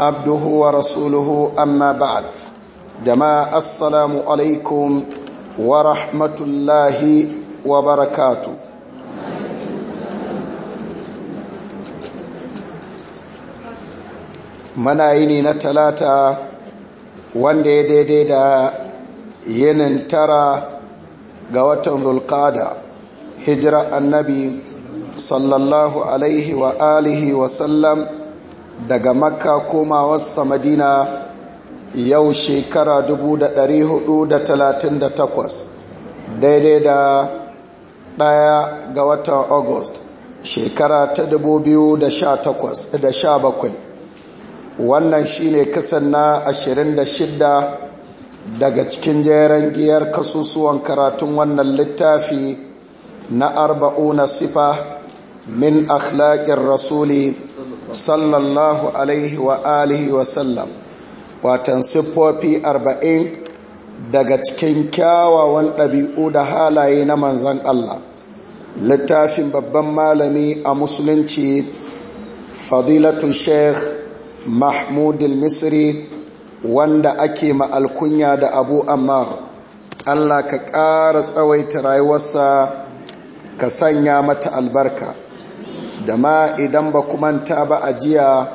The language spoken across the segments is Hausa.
عبده ورسوله أما بعد جماعة السلام عليكم ورحمة الله وبركاته mana yini na talata wanda ya daidai da yinin tara ga watan zulkada hijira annabi sallallahu alaihi wa alihi wa sallam daga makka koma komawarsa madina yau shekara 438 daidai da ɗaya ga wata august shekara ta 2017 wannan shine kasan na 26 daga cikin jeren giyar kasusuwan karatun wannan littafi na arba'una sifa min akhlaƙin rasuli sallallahu alaihi wa alihi wa sallam watan siffofi arba'in daga cikin kyawawan ɗabi'u da halaye na manzan Allah littafin babban malami a musulunci fadilatun sheikh mahmud misri wanda ake ma'alkunya da abu ammar Allah ka ƙara tsawaita rayuwarsa ka sanya mata albarka jama'a idan ba kuma ta ba a jiya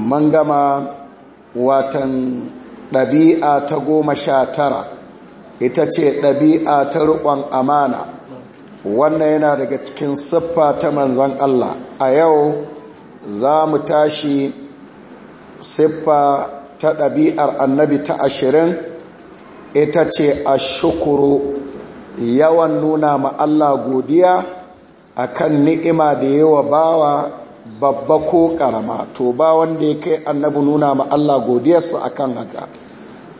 man gama watan ɗabi'a ta goma sha tara ita ce ɗabi'a ta riƙon amana wannan yana daga cikin siffa ta manzan Allah a yau za mu tashi siffa ta ɗabi'ar annabi ta ashirin ita ce a shukuru yawan nuna ma Allah godiya akan ni'ima da wa bawa babba ko karama to ba wanda ya kai annabi nuna ma Allah godiyarsa akan haka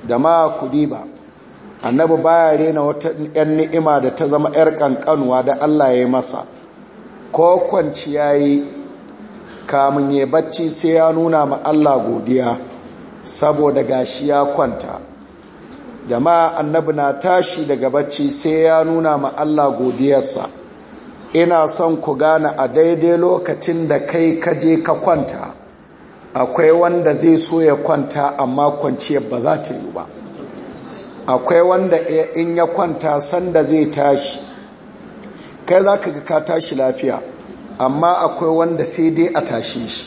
da ma kudi ba annabi baya rena wata yan ni'ima da ta zama yar kankanuwa da Allah ya masa ko kwanciya yi kamun ya bacci sai ya nuna ma Allah godiya saboda gashi ya kwanta da ma annabi na tashi daga bacci sai ya nuna ma Allah godiyarsa ina son ku gane a daidai lokacin da kai kaje ka kwanta akwai wanda zai so ya kwanta amma kwanciyar ba za ta yi ba akwai wanda eh, in ya kwanta sanda zai tashi kai za ka ka tashi lafiya amma akwai wanda sai dai a tashi shi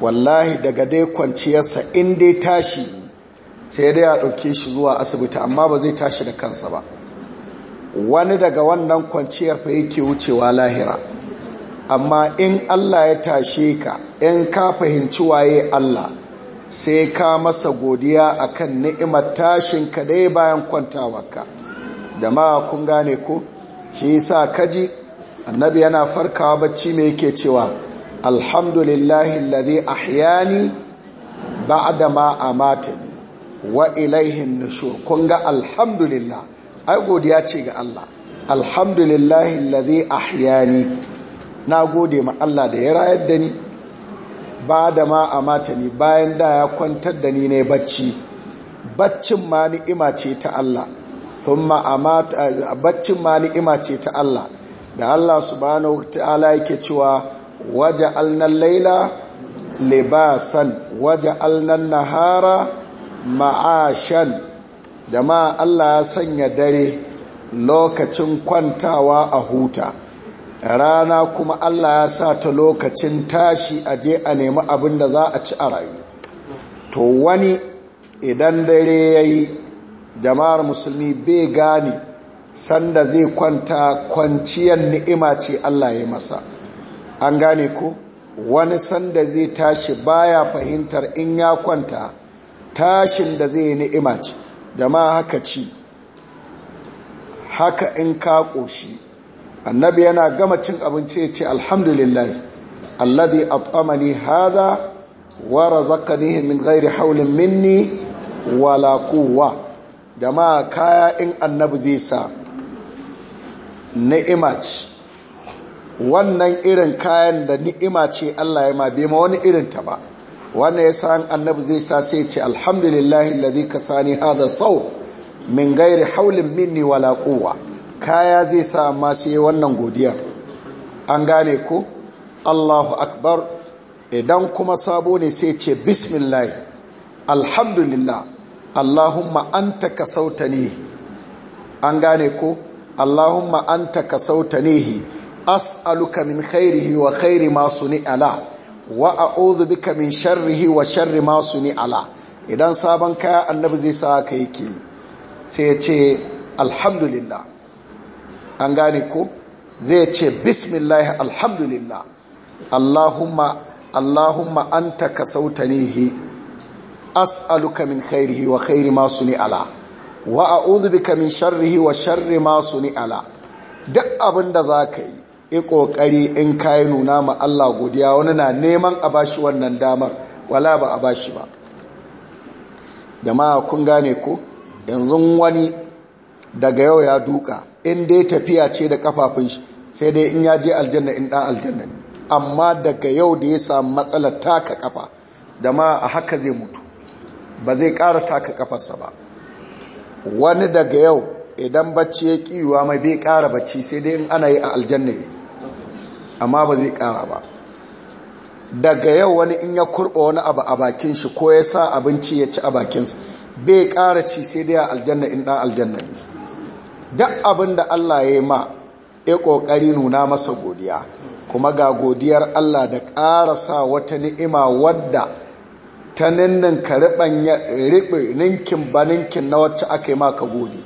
wallahi daga dai kwanciyarsa in dai tashi sai dai a ɗauke shi zuwa asibiti amma ba zai tashi da kansa ba wani daga wannan kwanciyar fa yake wucewa lahira amma in Allah ya tashe ka in ka fahimci waye Allah sai ka masa godiya akan ni'imar tashin ka dai bayan kwantawarka da ma kun gane ko shi yasa kaji annabi yana farkawa bacci me yake cewa alhamdulillahi alladhi ahyani ba'da ma amatani wa ilaihin nushur kun ga alhamdulillah ai godiya ce ga Allah alhamdulillahi alladhi ahyani na gode ma Allah da ya rayar da ni ba da ma amata ni bayan da ya kwantar da ni ne bacci baccin ma ni'ima ce ta Allah thumma amata baccin ma ni'ima ce ta Allah da Allah subhanahu wataala yake cewa waja'alna layla laila libasan waja'alna nahara ma'ashan jama'a Allah ya sanya dare lokacin kwantawa a huta rana kuma Allah ya sa ta lokacin tashi a je a nemi abin da za a ci a rayu to wani idan dare ya yi jama'ar musulmi bai gane sanda zai kwanta kwanciyar ni'ima ce Allah ya masa an gane ko wani sanda zai tashi baya fahimtar in ya kwanta tashin da zai ni'ima ce da ma haka ci haka in ka ƙoshi annabi yana gama cin abinci ya ce alhamdulillah alladhi at'amani hadha wa razaqanihi min ghairi hawlin minni wala quwwa da kaya in annabi zai sa ni'ima wannan irin kayan da ni'ima ce Allah ya ma bai ma wani irin ta ba wannan sa annabi zai sa sai ce alhamdulillah alladhi kasani hadha sau min gairi haulin minni wala quwwa kaya zai sa amma sai wannan godiyar an gane ku Allahu akbar idan kuma sabo ne sai ce bismillah alhamdulillah Allahumma anta kasautani an gane ku Allahumma anta kasautanihi as'aluka min khairihi wa khairi ma suni ala wa a'udhu bika min sharrihi wa sharri ma suni ala idan sabon kaya annabi zai sa ka ke sai ya ce alhamdulillah an gane ko zai ce bismillah alhamdulillah allahumma allahumma anta kasautanihi as'aluka min khairihi wa khairi ma suni ala wa a'udhu bika min sharrihi wa sharri ma suni ala duk abin da za ka yi yi ƙoƙari in kayi nuna ma Allah godiya wani na neman a bashi wannan damar wala ba a bashi ba jama'a kun gane ko yanzu wani daga yau ya duka in dai tafiya ce da kafafun shi sai dai in ya je aljanna in ɗan aljanna amma daga yau da ya samu matsalar taka kafa da a haka zai mutu ba zai ƙara taka kafarsa ba wani daga yau idan bacci ya ƙiwa mai bai ƙara bacci sai dai in ana yi a aljanna amma ba zai ƙara ba daga yau wani in ya kurba wani abu a bakin shi ko ya sa abinci ya ci a bakin bakinsa bai kara ci sai dai a aljanna in ɗan aljanna ne duk abin da Allah ya yi ma ya ƙoƙari nuna masa godiya kuma ga godiyar Allah da ƙara sa wata ni'ima wadda ta ninnin ka riɓe ninkin ba ninkin na wacce aka yi ka gode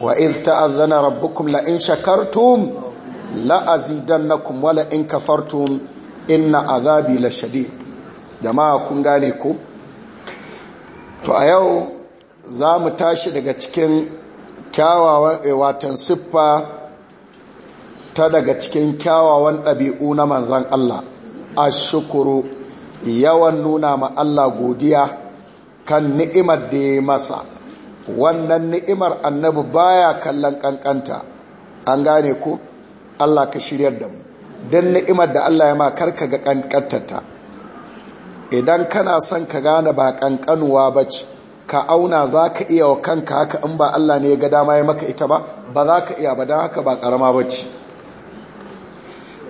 wa iz ta'azzana rabbukum la'in in shakartum na wala in kafartum inna azabi lashadid jama'a kun gane ko to a yau za mu tashi daga cikin kyawawan eh, watan siffa ta daga cikin kyawawan ɗabi'u na manzan Allah a shukuru yawan nuna ma Allah godiya kan ni'imar da ya masa wannan ni'imar annabi baya kallon kankanta an gane ku Allah ka shiryar da mu don ni'imar da Allah ya ma karka ga kankantarta idan kana son ka gane ba kankanuwa ba ce ka auna za ka iya wa kanka haka in ba Allah ne ya ga dama ya maka ita ba ba za ka iya ba don haka ba karama ba ce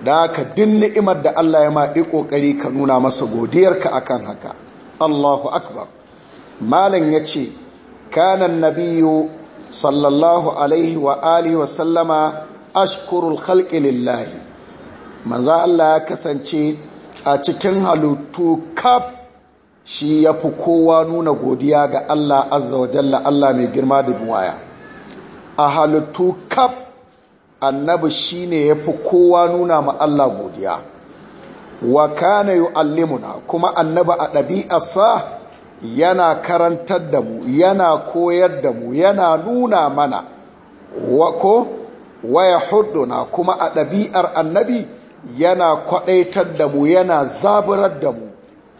da haka din ni'imar da Allah ya ma yi kokari ka nuna masa godiyarka akan haka Allahu akbar malam ya ce kanan nabiyu sallallahu alaihi wa alihi wa sallama ashkurul khalqi lillahi manzo Allah ya kasance a cikin halittu kaf shi ya fi kowa nuna godiya ga Allah azza wa jalla Allah mai girma da buwaya a halittu kaf annabi shine ya fi kowa nuna ma Allah godiya wa kana yu'allimuna kuma annabi a sa yana karantar da mu yana koyar da mu yana nuna mana wako waya hudu na kuma a ɗabi'ar annabi yana kwaɗaitar da mu yana zaburar da mu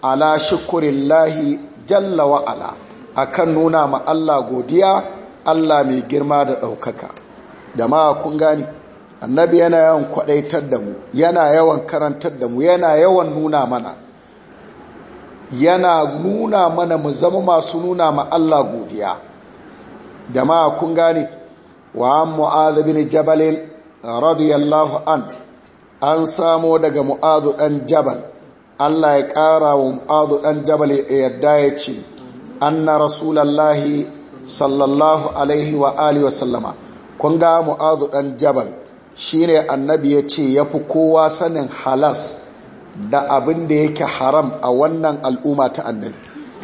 ala shukurillahi jalla wa'ala a kan nuna ma Allah godiya Allah mai girma da ɗaukaka jama'a kun gani annabi yana yawan kwaɗaitar da mu yana yawan karantar da mu yana yawan nuna mana yana nuna mana mu zama masu nuna ma Allah godiya jama'a kun gani Wa معاذ بن جبل رضي الله عنه an samo daga mu'azu ɗan jabal Allah ya ƙara wa mu'azu ɗan jabal yadda ya ce anna rasulallahi sallallahu alaihi wa alihi wa sallama kun ga mu'azu ɗan jabal shine annabi ya ce ya fi kowa sanin halas da abin da yake haram a wannan al'umma ta annabi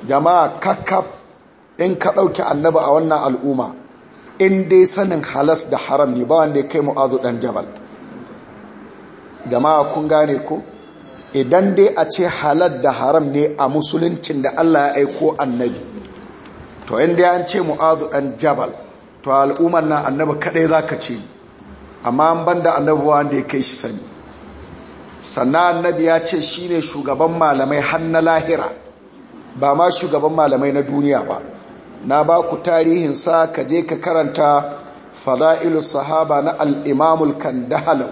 jama'a kakkaf in ka ɗauki annabi a wannan al'umma in dai sanin halas da haram ne ba wanda ya kai mu'azu dan jabal jama'a kun gane ko idan dai a ce halar da haram ne a musuluncin da Allah ya aiko annabi to in dai ce mu'azu dan jabal to al'ummar na annabi kadai ka ce amma an banda annabi wanda ya kai shi sani sannan annabi ya ce shi ne shugaban malamai har na lahira ba ma shugaban malamai na duniya ba na ba ku sa ka je ka karanta fada'ilu sahaba na al'imamul kandahalau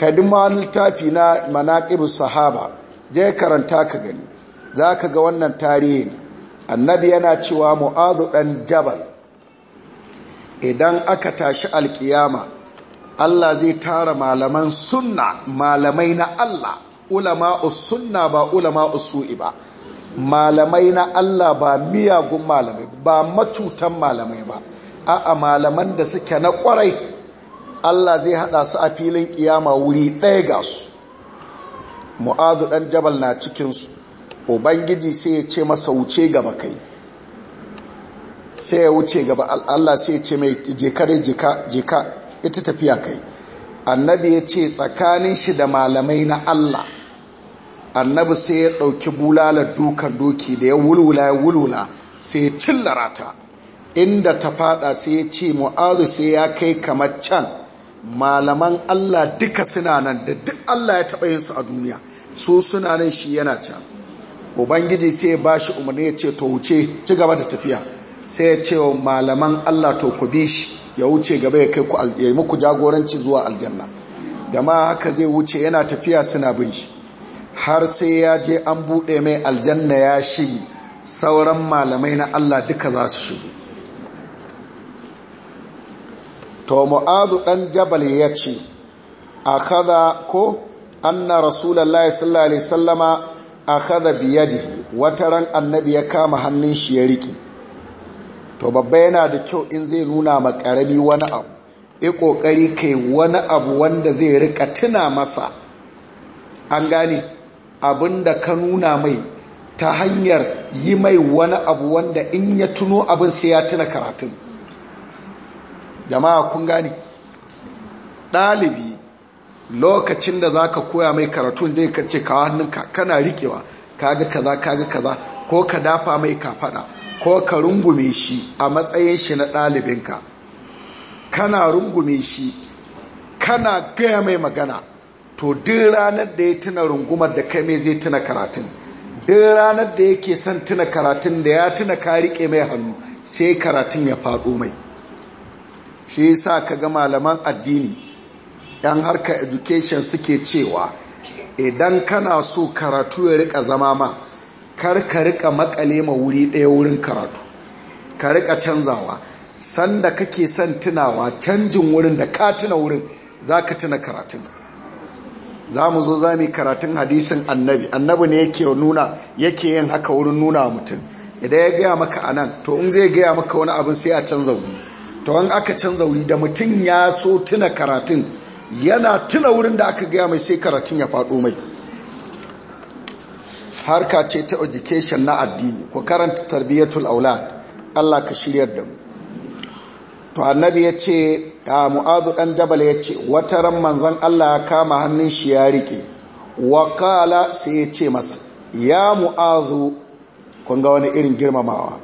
kadima littafi na manaƙibu sahaba je karanta ka gani za ka ga wannan tarihin annabi yana cewa mu'azu ɗan jabal idan aka tashi alƙiyama Allah zai tara malaman sunna malamai na Allah ulama'us sunna ba ulama'us su'i ba malamai na Allah ba miyagun malamai ba macutan malamai ba a'a malaman da suke na kwarai Allah zai hada su a filin kiyama wuri ɗaya ga su mu'adu dan jabal na cikin su ubangiji sai ya ce masa wuce gaba kai sai ya wuce gaba Allah sai ya ce mai jikare jika jika ita tafiya kai annabi ya ce tsakanin shi da malamai na Allah annabi sai ya ɗauki bulalar dukan doki da ya wulwula ya wulwula sai ya cillara ta inda ta fada sai ya ce mu'azu sai ya kai kamar can malaman Allah duka suna nan da duk Allah ya taba yin su a duniya su suna nan shi yana can ubangiji sai ya ba shi umarni ya ce to wuce ci gaba da tafiya sai ya ce wa malaman Allah to ku bi shi ya wuce gaba ya kai ku ya muku jagoranci zuwa aljanna jama'a haka zai wuce yana tafiya suna bin shi har sai ya je an buɗe mai aljanna ya shigi sauran malamai na Allah duka za su shigo. to mu'azu ɗan jabal ya ce a kada ko anna rasulallah sallallahu alaihi sallama a kada biyadi wata ran annabi ya kama hannun shi ya riƙe to babba yana da kyau in zai nuna makarami wani abu ya ƙoƙari kai wani abu wanda zai rika tuna masa an gane Abin da ka nuna mai ta hanyar yi mai wani abu wanda in ya tuno abin sai ya tuna karatun jama'a kun gani ɗalibi lokacin da za ka koya mai karatun da ya ce kawo hannunka kana rikewa kaga kaza kaga kaza ko ka dafa mai kafaɗa ko ka rungume shi a matsayin shi na ɗalibinka kana rungume shi kana gaya mai magana to duk ranar da ya tuna rungumar da kai mai zai tuna karatun duk ranar da yake son tuna karatun da ya tuna ka mai hannu sai karatun ya faɗo mai shi yasa ka ga malaman addini ɗan harka education suke cewa idan kana so karatu ya rika zama ma kar ka rika makale ma wuri ɗaya wurin karatu ka rika canzawa sanda kake son tunawa canjin wurin da ka tuna wurin za ka tuna karatun za mu zo za mu karatun hadisin annabi annabi ne yake nuna yake yin haka wurin nuna wa mutum idan ya gaya maka a nan to in zai gaya maka wani abin sai a canza wuri to in aka canza wuri da mutum ya so tuna karatun yana tuna wurin da aka gaya mai sai karatun ya faɗo mai harka ce ta education na addini ko karanta tarbiyyatul aulad Allah ka shiryar da mu to annabi ya ce ya mu'adu ɗan jabal ya ce wata ran manzon Allah ya kama hannun shi ya riƙe waƙala sai ya ce masa ya mu'adu kun ga wani irin girmamawa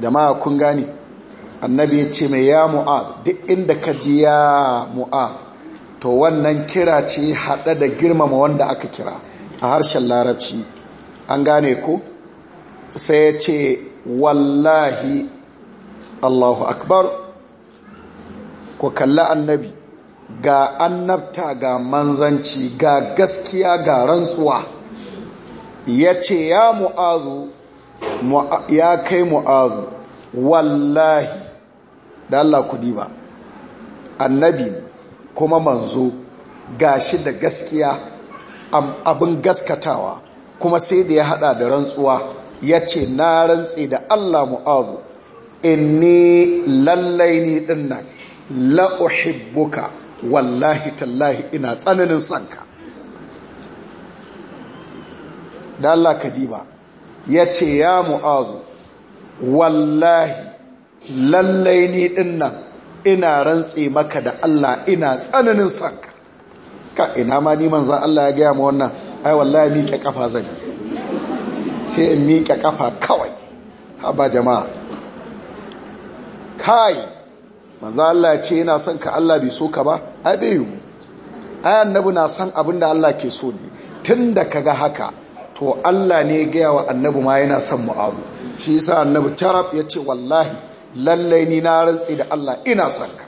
jama'a kun gani annabi ya ce mai ya mu'adu duk inda ka ji ya mu'adu to wannan kira ce haɗe da girmama wanda aka kira a harshen larabci an gane ko sai ya ce wallahi allahu akbar ku kalli annabi ga annabta ga manzanci ga gaskiya ga rantsuwa ya ce ya mu'azu ya kai mu'azu wallahi da Allah kudi ba annabi kuma manzo ga shi da gaskiya abin gaskatawa kuma sai da ya hada da rantsuwa ya ce na rantse da Allah mu'azu inni lallai ni dinnan la'uhibbuka wallahi tallahi ina tsananin sanka da Allah kadiba ya ce ya mu'azu wallahi lallai ni dinnan ina rantse maka da Allah ina tsananin sanka ka ina ma neman za Allah ya gaya ma wannan ai wallahi miƙe kafa zan sai in miƙe kafa kawai haba jama'a kai manzo Allah ya ce yana son ka Allah bai so ka ba ai bai yi ai annabi na son abin da Allah ke so ne tunda kaga haka to Allah ne ya gaya wa annabi ma yana son mu abu shi yasa annabi tarab ya ce wallahi lallai ni na rantsi da Allah ina son ka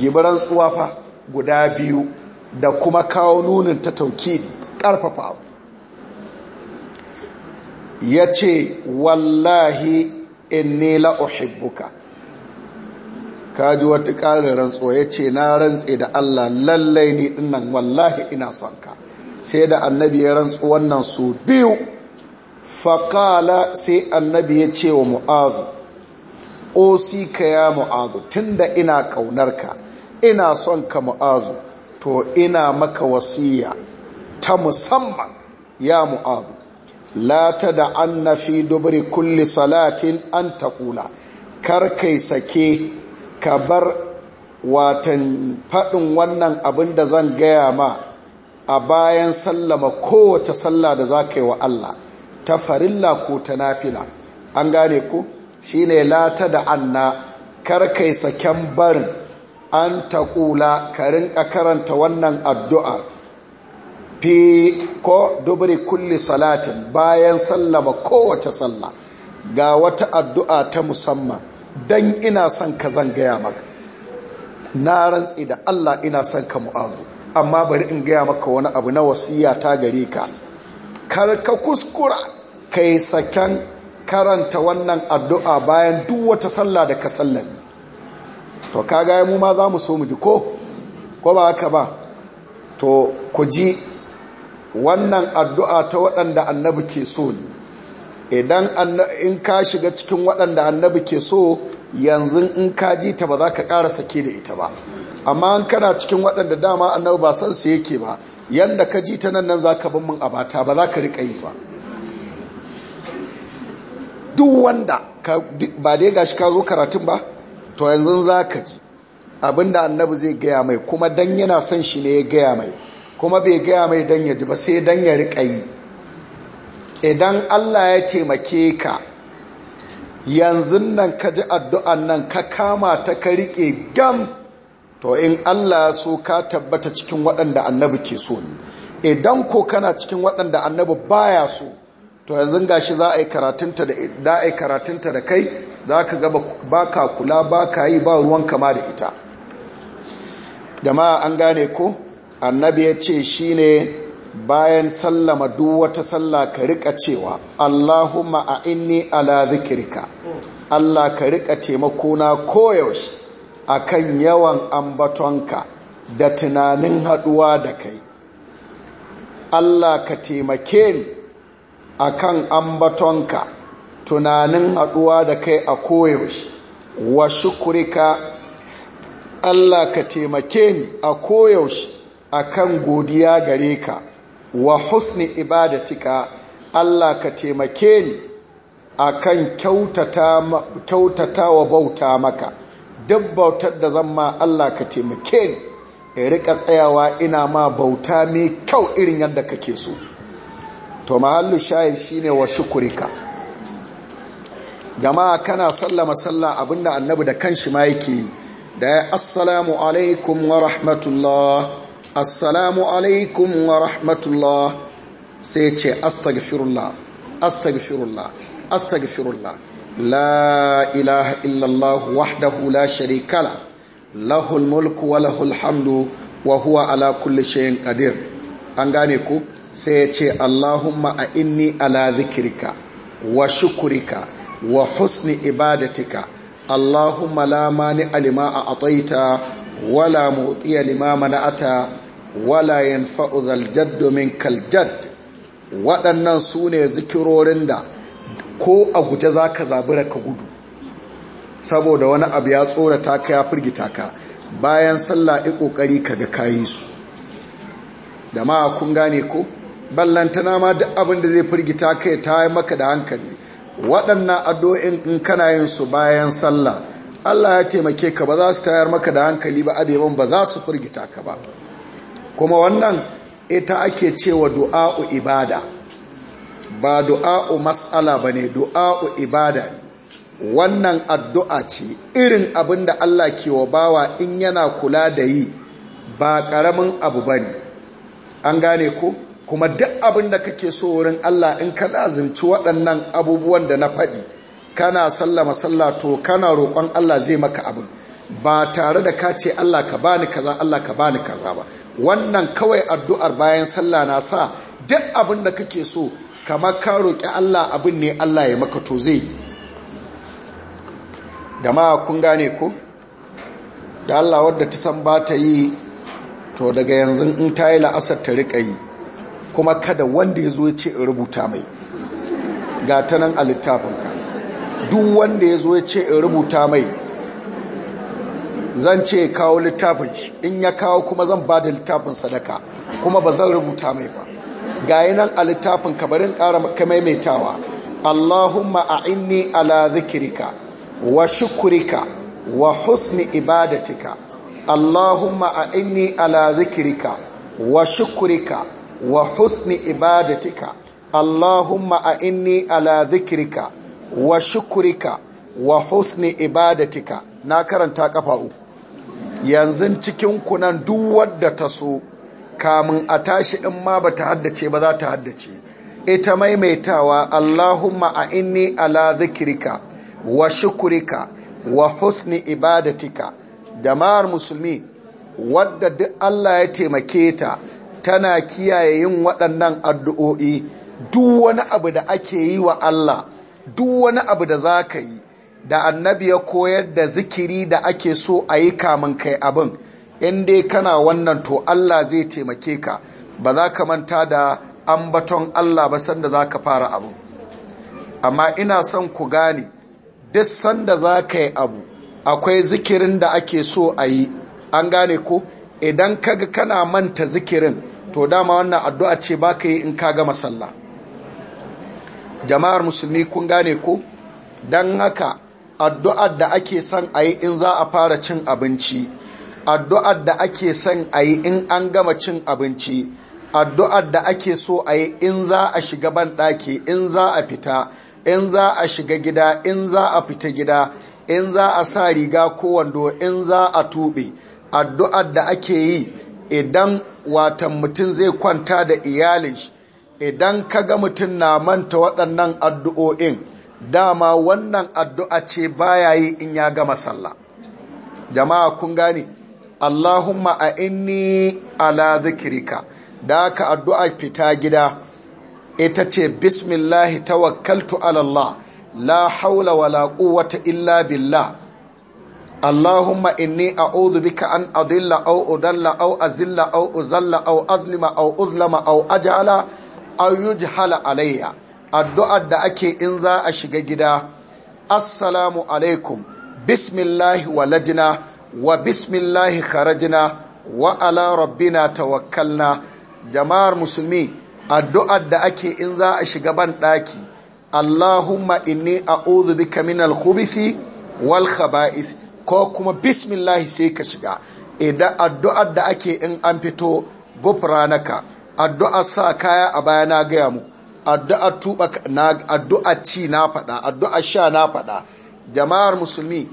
gibran tsuwa fa guda biyu da kuma kawo nunin ta taukidi karfafa abu ya ce wallahi inni la uhibbuka ka ji wata ƙarin rantsuwa ya ce na rantse da Allah lallai ne dinnan wallahi ina son ka sai da annabi ya rantsu wannan su biyu faƙala sai annabi ya ce wa mu'azu o si ka ya mu'azu tunda ina ƙaunarka ina son ka mu'azu to ina maka wasiya ta musamman ya mu'azu lata da an na fi dubri kulli salatin an taƙula kar kai sake ka bar watan faɗin wannan abin da zan gaya ma a bayan sallama kowace sallah da za ka yi wa Allah ta farilla ko ta nafila an gane ku shi ne lata da anna karkai saken barin an taƙula ka rinka karanta wannan addu'a fi ko dubri kulli salatin bayan sallama kowace sallah ga wata addu'a ta musamman dan ina son ka zan gaya maka na rantsi da Allah ina son ka mu'azu amma bari in gaya maka wani abu na wasiya ta gare ka kar ka kuskura ka yi saken karanta wannan addu'a bayan duk wata sallah da ka sallami to ka gaya mu ma za mu so mu ji ko ko ba haka ba to ku ji wannan addu'a ta waɗanda annabi ke so ne idan in ka shiga cikin waɗanda annabi ke so yanzu in ka ji ta ba za ka ƙara sake da ita ba amma in kana cikin waɗanda dama annabi ba san su yake ba yanda ka ji ta nan nan za ka bin min abata ba za ka riƙa yi ba duk wanda ba dai shi ka zo karatun ba to yanzu za ka ji abinda annabi zai gaya mai kuma dan yana son shi ne ya gaya mai kuma bai gaya mai dan ya ji ba sai dan ya riƙa yi idan Allah ya taimake ka yanzu nan ka ji addu'an nan ka kama ta ka riƙe gam to in Allah ya so ka tabbata cikin waɗanda annabi ke so idan ko kana cikin waɗanda annabi baya so to yanzu gashi za a yi karatunta da kai za ka gaba ba ka kula ba ka yi ba ruwan kama da ita jama'a an gane ko annabi ya ce shi ne bayan sallama duk wata sallah ka rika cewa Allahumma a inni ala zikirka Allah ka rika taimakona koyaushe akan yawan ambatonka da tunanin haduwa da kai Allah ka taimake ni akan ambatonka tunanin haduwa da kai a koyaushe wa shukurika Allah ka taimake ni a koyaushe akan godiya gare ka wa husni ibadatika Allah ka taimake ni akan kyautata kyautata wa bauta maka duk bautar da zan ma Allah ka taimake ni in rika tsayawa ina ma bauta mai kyau irin yadda kake so to mahallu shayi shine wa shukurika jama'a kana sallama sallah abinda annabi da kanshi ma yake da assalamu alaikum wa rahmatullah assalamu alaikum wa rahmatullah sai ce astaghfirullah astaghfirullah astaghfirullah la ilaha illallah wahdahu la sharikala lahul mulku wa lahul hamdu wa huwa ala kulli shay'in qadir an gane ku sai ce allahumma a inni ala zikirika wa shukurika wa husni ibadatika allahumma la mani alima a ataita wala mutiya lima mana'ata wala yin fa’uzal jaddomin kaljad waɗannan su ne zikirorin da ko a guje za ka zabura ka gudu saboda wani abu ya ta ka ya firgita ka bayan sallah i ƙoƙari ka ga kayi su da ma kun gane ko ballantana ma duk abin da zai firgita ka ya ta maka da hankali waɗannan addu'o'in in kana yin su bayan sallah Allah ya taimake ka ba za su tayar maka da hankali ba adeban ba za su firgita ka ba kuma wannan ita ake cewa du'a'u ibada ba du'a'u mas'ala ba ne du'a'u ibada wannan addu'a ce irin abin da Allah ke wa bawa in yana kula da yi ba ƙaramin abu ba ne an gane ku. kuma duk abin da kake so wurin Allah in ka lazimci waɗannan abubuwan da na faɗi kana sallama masalla to kana roƙon Allah zai maka abin ba tare da ka ce Allah ka bani kaza Allah ka bani kaza ba wannan kawai addu'ar bayan sallah na sa duk abin da kake so kamar ka roƙi Allah abin ne Allah ya maka to zai da ma kun gane ko da Allah wadda ta san ba ta yi to daga yanzu in ta yi la'asar ta riƙa yi kuma kada wanda ya zo ya ce in rubuta mai ga ta nan a littafinka duk wanda ya zo ya ce in rubuta mai zan ce kawo littafin shi in ya kawo kuma zan ba da littafin sadaka kuma ba zan rubuta mai ba yi nan a littafin kabarin ƙara maimaitawa Allahumma inni ala zikirika wa shukurika wa husni ibadatika Allahumma inni ala zikirika wa shukurika wa husni ibadatika Allahumma inni ala zikirika wa shukurika wa husni ibadatika na karanta kafa uku yanzu cikin kunan duk wadda ta so kamun a tashi in ma ba ta haddace ba za ta haddace ita maimaitawa Allahumma a inni ala zikirka wa shukurika wa husni ibadatika jama'ar musulmi wadda duk Allah ya taimake ta tana kiyaye yin waɗannan addu'o'i duk wani abu da ake yi wa Allah duk wani abu da za ka yi da annabi ya koyar da zikiri da ake so a yi kamun kai abin in dai kana wannan to Allah zai taimake ka ba za ka manta da ambaton Allah ba sanda za ka fara abu amma ina son ku gane duk sanda za ka yi abu akwai zikirin da ake so a yi an gane ko idan kaga kana manta zikirin to dama wannan addu'a ce ba ka yi in ka gama sallah jama'ar musulmi kun gane ko don haka addu'ar da ake son a yi in za a fara cin abinci addu'ar da ake son a yi in an gama cin abinci addu'ar da ake so a yi in za a shiga banɗaki in za a fita in za a shiga gida in za a fita gida in za a sa riga ko wando in za a tuɓe addu'ar da ake yi idan watan mutum zai kwanta da iyalin idan kaga mutum na manta waɗannan addu'o'in dama wannan addu'a ce baya yi in ya gama sallah jama'a kun gane Allahumma a inni ala zikirika da aka addu'a fita gida ita ce bismillahi tawakkaltu alallah la haula wa la illa billah Allahumma inni a'udhu bika an adilla au udalla a'u azilla au uzalla au azlima a'u uzlama A'u aj'ala aw yujhala alayya addu'ar da ake in za a shiga gida assalamu alaikum bismillahi walajina wa bismillahi kharajina wa ala rabbina tawakkalna jama'ar musulmi addu'ar da ake in za a shiga ban ɗaki, allahumma inni a bika bi al kubisi wal khaba’is, ko kuma bismillahi sai ka shiga idan addu'ar da ake in an fito naka. addu'ar sa kaya a baya na gaya muku addu'a tuba na addu'a ci na faɗa addu'a sha na faɗa jama'ar musulmi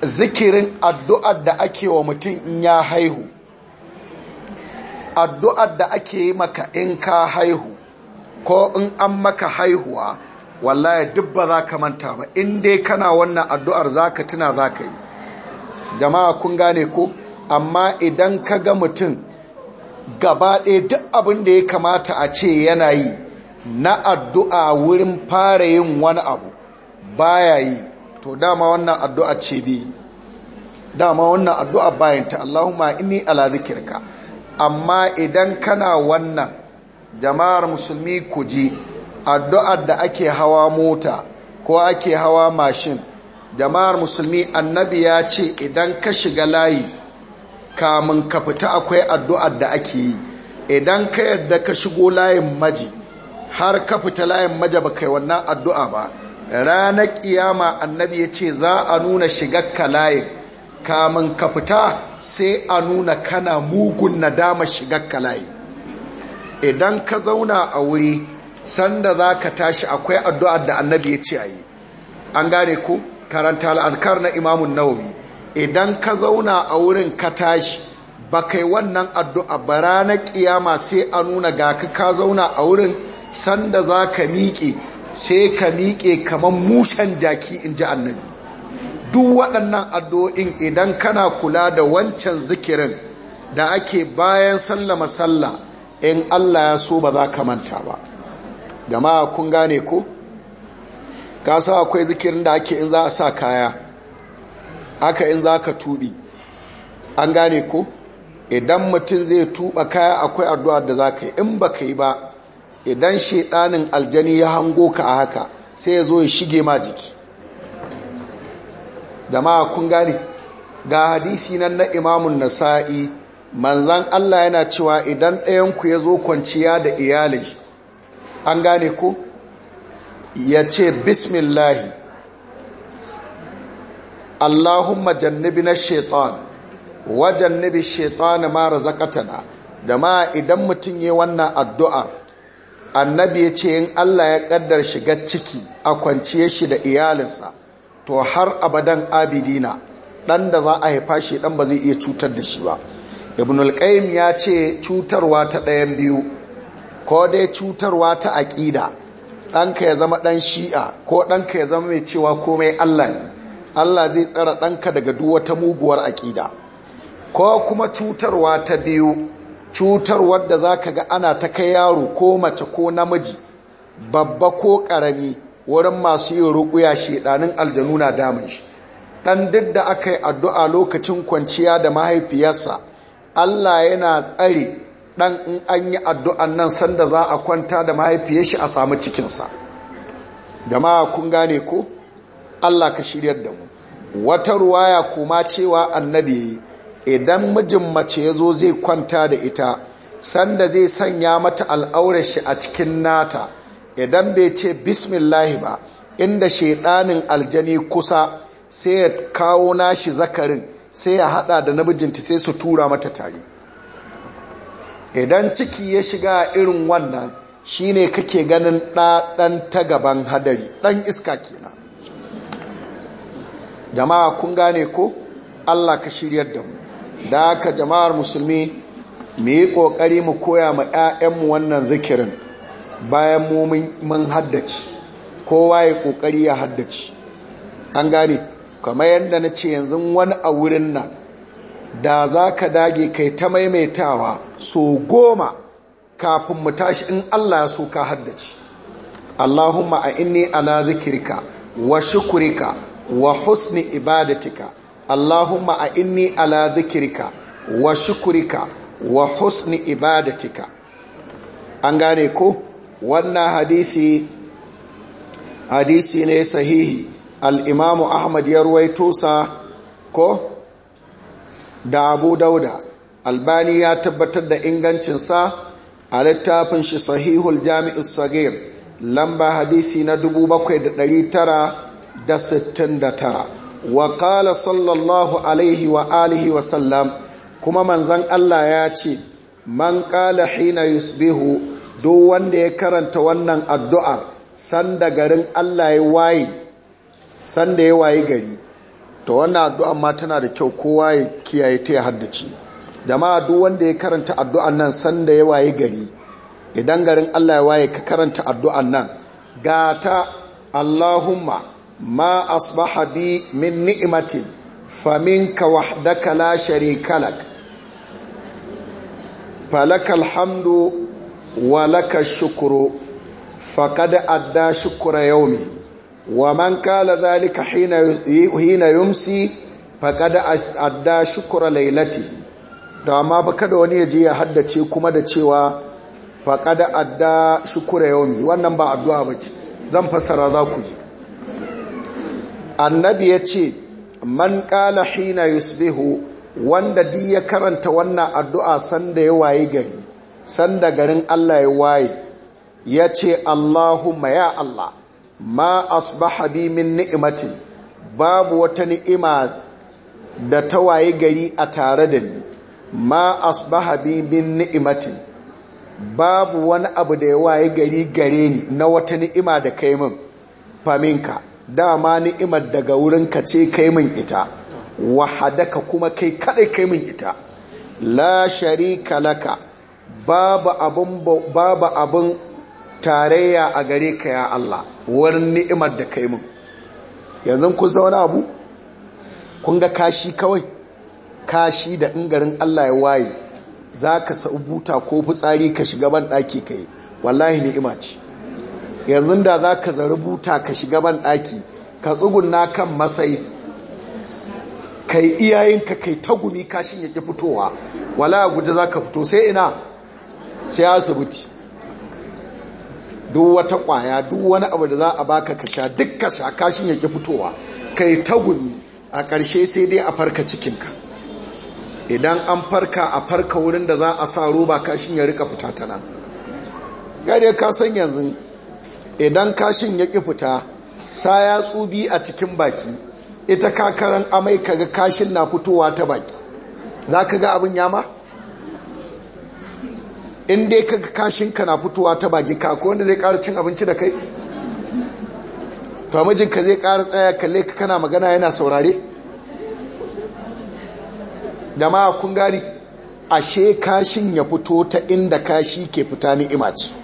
zikirin addu'a da ake wa mutum in ya haihu addu'ar da ake yi maka in ka haihu ko in an maka haihuwa wallahi duk ba za ka manta ba in dai kana wannan addu'ar za ka tuna za ka yi jama'a kun gane ko amma idan ka ga mutum gaba ɗaya duk abin da ya kamata a ce yana yi na addu'a wurin fara yin wani abu baya yi to dama wannan addu'a ce bi dama wannan addu'a bayanta Allahumma inni ala zikirka amma idan kana wannan jama'ar musulmi ku ji addu'ar da ake hawa mota ko ake hawa mashin jama'ar musulmi annabi ya ce idan ka shiga layi kamun ka fita akwai addu'ar da ake yi idan ka yarda ka shigo layin maji har ka fita layin maja ba kai wannan addu'a ba ranar kiyama annabi ya ce za a nuna shigar ka layin kamun ka fita sai a nuna kana mugun nadama ka layin idan ka zauna a wuri sanda za ka tashi akwai addu'a da annabi ya ce a yi an gane ku karanta al'adkar na imamun nawomi idan ka zauna a wurin ka tashi ba kai wannan addu'a ba ranar kiyama sai a nuna ga ka ka zauna a wurin sanda za ka miƙe sai ka miƙe kamar mushen jaki in ji annabi duk waɗannan addu'o'in idan kana kula da wancan zikirin da ake bayan sallama salla in Allah ya so ba za ka manta ba gama kun gane ko ka sa akwai zikirin da ake in za a sa kaya aka in za ka tuɓi an gane ko idan mutum zai tuɓa kaya akwai addu'ar da za ka yi in ba ka yi ba idan shaidanin aljani ya hango ka a haka sai ya zo ya shige ma jiki da kun gane ga hadisi nan na imamun nasa'i manzan Allah yana cewa idan ɗayanku ya zo kwanciya da iyalin an gane ku ya ce bismillahi Allahumma jannibi na shaitan wajen nabi shaitan mara zakatana da ma idan mutum yi wannan addu'ar annabi ya ce in Allah ya ƙaddar shiga ciki a kwanciye shi da iyalinsa to har abadan abidina dan da za a haifa shi dan ba zai iya cutar da shi ba ibnul qayyim ya ce cutarwa ta ɗayan biyu ko dai cutarwa ta aƙida ɗanka ya zama ɗan shi'a ko ɗanka ya zama mai cewa komai Allah ne Allah zai tsara ɗanka daga duk wata muguwar aƙida ko kuma cutarwa ta biyu cutar wadda za ka ga ana ta kai yaro ko mace ko namiji babba ko ƙarami wurin masu yin ruƙuya shedanin aljanu na damun shi ɗan duk da aka yi addu'a lokacin kwanciya da mahaifiyarsa allah yana tsare ɗan in an yi addu'an nan sanda za a kwanta da mahaifiyar shi a samu cikinsa jama'a kun gane ko allah ka shiryar da mu wata ruwaya kuma cewa annabi idan mijin mace ya zo zai kwanta da ita sanda zai sanya mata al'aurashi a cikin nata idan bai ce bismillahi ba inda shaidanin aljani kusa sai ya kawo nashi zakarin sai ya hada da namijinta sai su tura mata tare idan ciki ya shiga irin wannan shine kake ganin ɗaɗan ta gaban hadari ɗan iska kenan jama'a kun gane ko Allah ka shiryar da mu da aka jama'ar musulmi mu yi ƙoƙari mu koya ma 'ya'yanmu wannan zikirin bayan mu mun haddace kowa ya ƙoƙari ya haddace an gane kamar yadda na ce yanzu wani a wurin nan da za ka dage kai ta maimaitawa so goma kafin mu tashi in allah ya so ka haddace allahumma a inni ala zikirka wa shukurika wa husni ibadatika Allahumma a inni ala zikirka wa shukurika wa husni ibadatika an gane ko wannan hadisi hadisi ne sahihi al'imamu ahmad ya ruwaito sa ko da abu dauda albani ya tabbatar da ingancinsa a littafin shi sahihul jami'us sagir lamba hadisi na 7969 wa kala sallallahu alaihi wa alihi wa sallam kuma manzan Allah ya ce man kala hina yusbihu duk wanda ya karanta wannan addu'ar sanda garin Allah ya waye sanda ya waye gari to wannan addu'ar ma tana da kyau kowa ya kiyaye ta ya haddace jama'a duk wanda ya karanta addu'an nan sanda ya waye gari idan garin Allah ya waye ka karanta addu'an nan gata Allahumma ma asbaha bi min ni'matin faminka wahdaka la sharika lak falakal hamdu wa laka shukru faqad adda shukra yawmi wa man qala dhalika hina hina yumsi faqad adda shukra laylati da amma kada wani ya je ya haddace kuma da cewa faqad adda shukra yawmi wannan ba addu'a bace zan fassara za ku ji annabi ya ce man ƙala hina yusbihu wanda di ya karanta wannan addu'a sanda ya waye gari sanda garin Allah ya waye ya ce Allahumma ya Allah ma asbaha bi min ni'imatin babu wata ni'ima da ta waye gari a tare da ni ma asbaha bi min ni'imatin babu wani abu da ya waye gari gare ni na wata ni'ima da kai min faminka dama ni'imar daga wurin ka ce kai min ita wahadaka kuma kai kadai kai min ita la sharika laka babu abun tarayya a gare ka ya Allah wurin ni'imar da kai min yanzu kun zauna abu kun ga kashi kawai kashi da ingarin Allah ya waye zaka sa buta ko fitsari ka shiga ban daki kai wallahi ni'ima ce yanzu da za ka zari buta ka shiga ban ɗaki ka tsuguna kan masai kai iyayenka kai tagumi kashin yake fitowa wala guje za ka fito sai ina sai asibiti duk wata kwaya duk wani abu da za a baka ka sha duk ka sha kashin yake fitowa kai tagumi a ƙarshe sai dai a farka cikinka idan an farka a farka wurin da za a sa roba kashin ya rika fita ta nan gare ka san yanzu idan kashin ya ƙi fita sa ya tsubi a cikin baki ita kakaran amai kaga kashin na fitowa ta baki za ka ga abin yama? in dai kaga kashin ka na fitowa ta baki kako wanda zai ƙara cin abinci da kai? to mijinka zai ƙara tsaya kalle ka kana magana yana saurare? da ma kun gari ashe kashin ya fito ta inda kashi ke fita ni'ima ce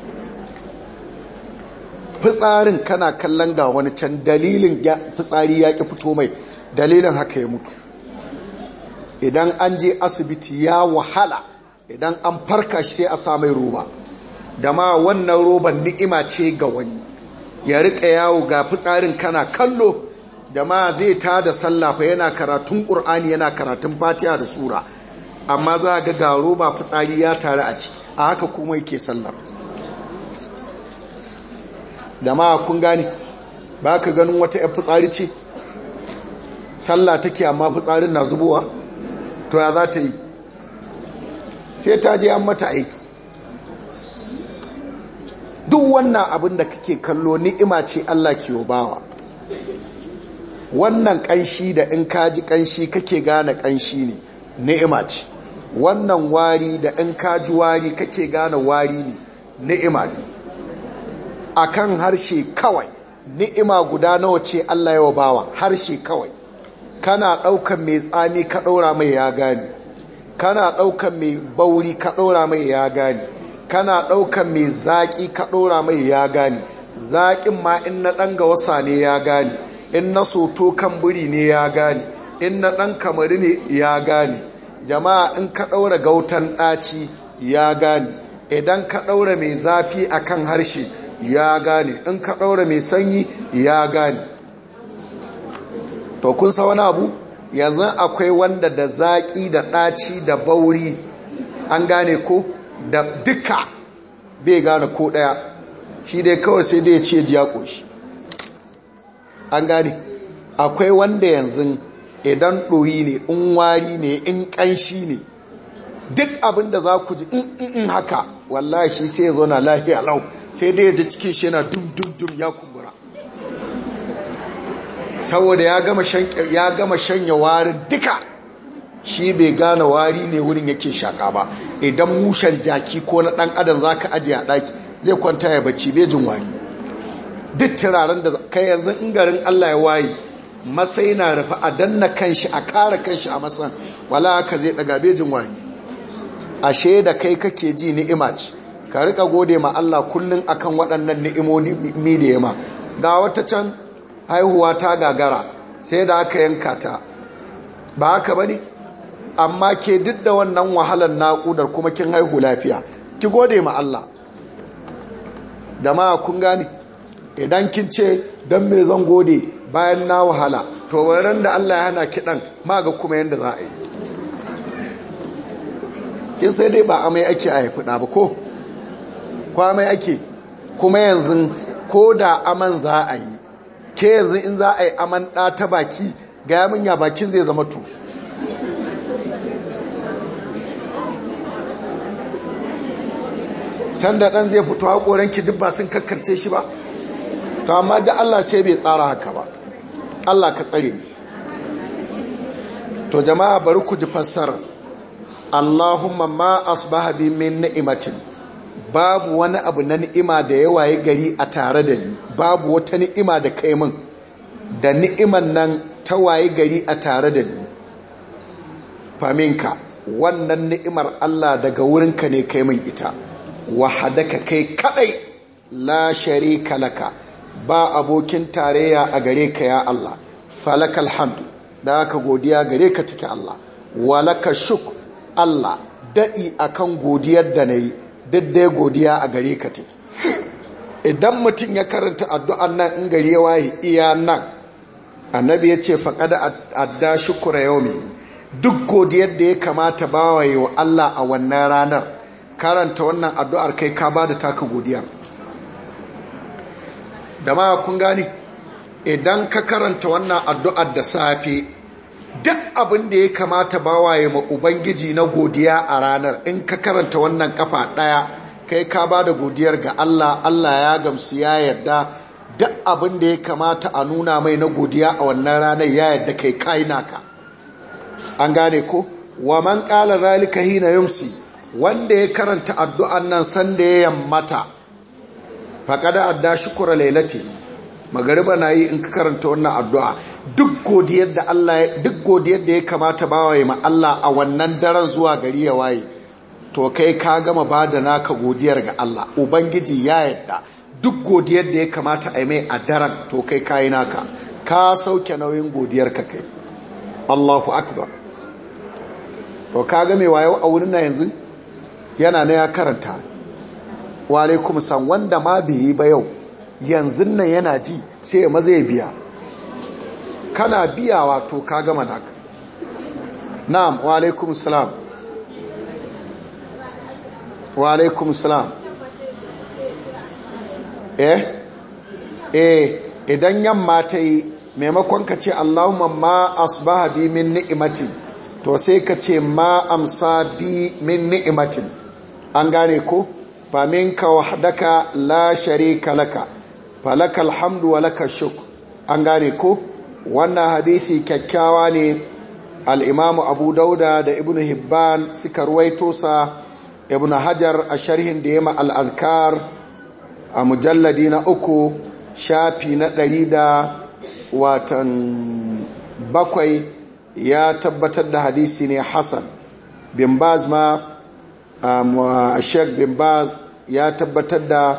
fitsarin kana kallon ga wani can dalilin fitsari ya ƙi fito mai dalilin haka ya mutu idan an je asibiti ya wahala idan an farka shi a samai roba da ma wannan roban ni'ima ce ga wani ya riƙa yawo ga fitsarin kana kallo da ma zai ta da sallafa yana karatun ƙur'ani yana karatun fatiha da sura amma za ga ga roba fitsari ya tare a ciki a haka kuma yake sallar jama'a kun gane ba ka ganin wata yan fitsari ce sallah take amma fitsarin na zubowa to ya za ta yi sai ta je an mata aiki duk wannan abin da kake kallo ni'ima ce Allah ke bawa wannan kanshi da in kaji kanshi kake gane kanshi ne ni'ima ce wannan wari da in kaji wari kake gane wari ne ni'ima ne akan harshe kawai ni'ima guda nawa ce Allah ya bawa harshe kawai kana ɗaukan mai tsami ka daura mai ya gani kana ɗaukan mai bauri ka daura mai ya gani kana daukan mai zaƙi ka daura mai ya gani zaƙin ma in na ɗan wasa ne ya gani in na soto kan buri ne ya gani in na ɗan kamari ne ya gani jama'a in ka ɗaura gautan ɗaci ya gani idan ka ɗaura mai zafi akan harshe ya gane in ka ɗaura mai sanyi ya gane to kun sa wani abu yanzu akwai wanda da zaƙi da ɗaci da bauri an gane ko da duka bai gane ko ɗaya shi dai kawai sai dai ce ji ya ƙoshi an gane akwai wanda yanzu idan ɗoyi ne in wari ne in ƙanshi ne duk abin da za ku ji in haka wallahi shi sai ya zo na lahiya lau sai dai ya ji cikin shi yana dum dum dum ya kumbura saboda ya gama shanya wari duka shi bai gane wari ne wurin yake shaka ba idan mushen jaki ko na dan adam zaka ajiye a daki zai kwanta ya bacci bai jin wari duk turaren da kai yanzu in garin Allah ya waye masai na rufe a danna kanshi a kara kanshi a masan wala ka zai daga bai jin ashe da kai kake ji ni'ima ka rika gode ma Allah kullum akan waɗannan ni'imomi da yamma ga wata can haihuwa ta gagara sai da aka yanka ta ba haka bane amma ke duk da wannan wahalar naƙudar kuma kin haihu lafiya ki gode ma Allah jama'a kun gane idan kin ce dan me zan gode bayan na wahala to waran da Allah ya hana ki dan ma ga kuma yadda za a yi kin sai dai ba amai ake a haifuda ba ko ko amai ake kuma yanzu ko da aman za a yi ke yanzu in za a yi aman ɗa ta baki ga yamin ya bakin zai zama tu sanda ɗan zai fito haƙoranki duk ba sun kakkarce shi ba to amma da Allah sai bai tsara haka ba Allah ka tsare to jama'a bari ku ji fassara Allahumma ma asbaha bi min ni'matin babu wani abu na ni'ima da ya waye gari a tare da ni babu wata ni'ima da kai min da ni'iman nan ta waye gari a tare da ni faminka wannan ni'imar Allah daga wurinka ne kai min ita wahadaka kai kadai la sharika laka ba abokin tarayya a gare ka ya Allah falakal hamdu da ka godiya gare ka take Allah walaka shuk Allah daɗi akan godiyar da na yi daddai godiya a gare ka te idan mutum ya karanta addu'an nan in gari ya waye iya nan annabi ya ce faƙada adda shukura yau mai duk godiyar da ya kamata bawa yi wa Allah a wannan ranar karanta wannan addu'ar kai ka ba da taka godiyar da ma kun gani idan ka karanta wannan addu'ar da safe duk abin da ya kamata bawaye ma ubangiji na godiya a ranar in ka karanta wannan kafa ɗaya kai ka ba da godiyar ga Allah Allah ya gamsu ya yarda duk abin da ya kamata a nuna mai na godiya a wannan ranar ya yarda kai kai naka an gane ko wa man qala zalika hina Yamsi wanda ya karanta addu'an nan sanda ya yammata faqada adda shukura lailati magariba yi in ka karanta wannan addu'a duk godiyar da ya kamata bawa ma Allah a wannan daren zuwa gari ya waye to kai ka gama ba da naka godiyar ga Allah ubangiji ya yadda duk godiyar da ya kamata a yi mai a daren to kai ka yi naka ka sauke nauyin godiyar ka kai Allahu akbar to ka ga wayo a wurin na yanzu yana na ya karanta wa san wanda ma bai yi ba yau yanzu nan yana ji sai ya maza ya biya kana biya wato ka gama naka na'am wa alaikum salam wa salam eh eh idan yamma ta yi maimakon ka ce allahumma ma asbaha bi min ni'imati to sai ka ce ma amsa bi min ni'imati an gane ko fa ka wahdaka la sharika laka falaka alhamdu wa laka shuk an gane ko wannan hadisi kyakkyawa ne al'imamu abu dauda da ibn hibban suka ruwaito sa ibn hajar a sharhin da ya ma al'adkar a mujalladi na uku shafi na ɗari da watan bakwai ya tabbatar da hadisi ne hassan bin baz ma um, a sheik bin baz ya tabbatar da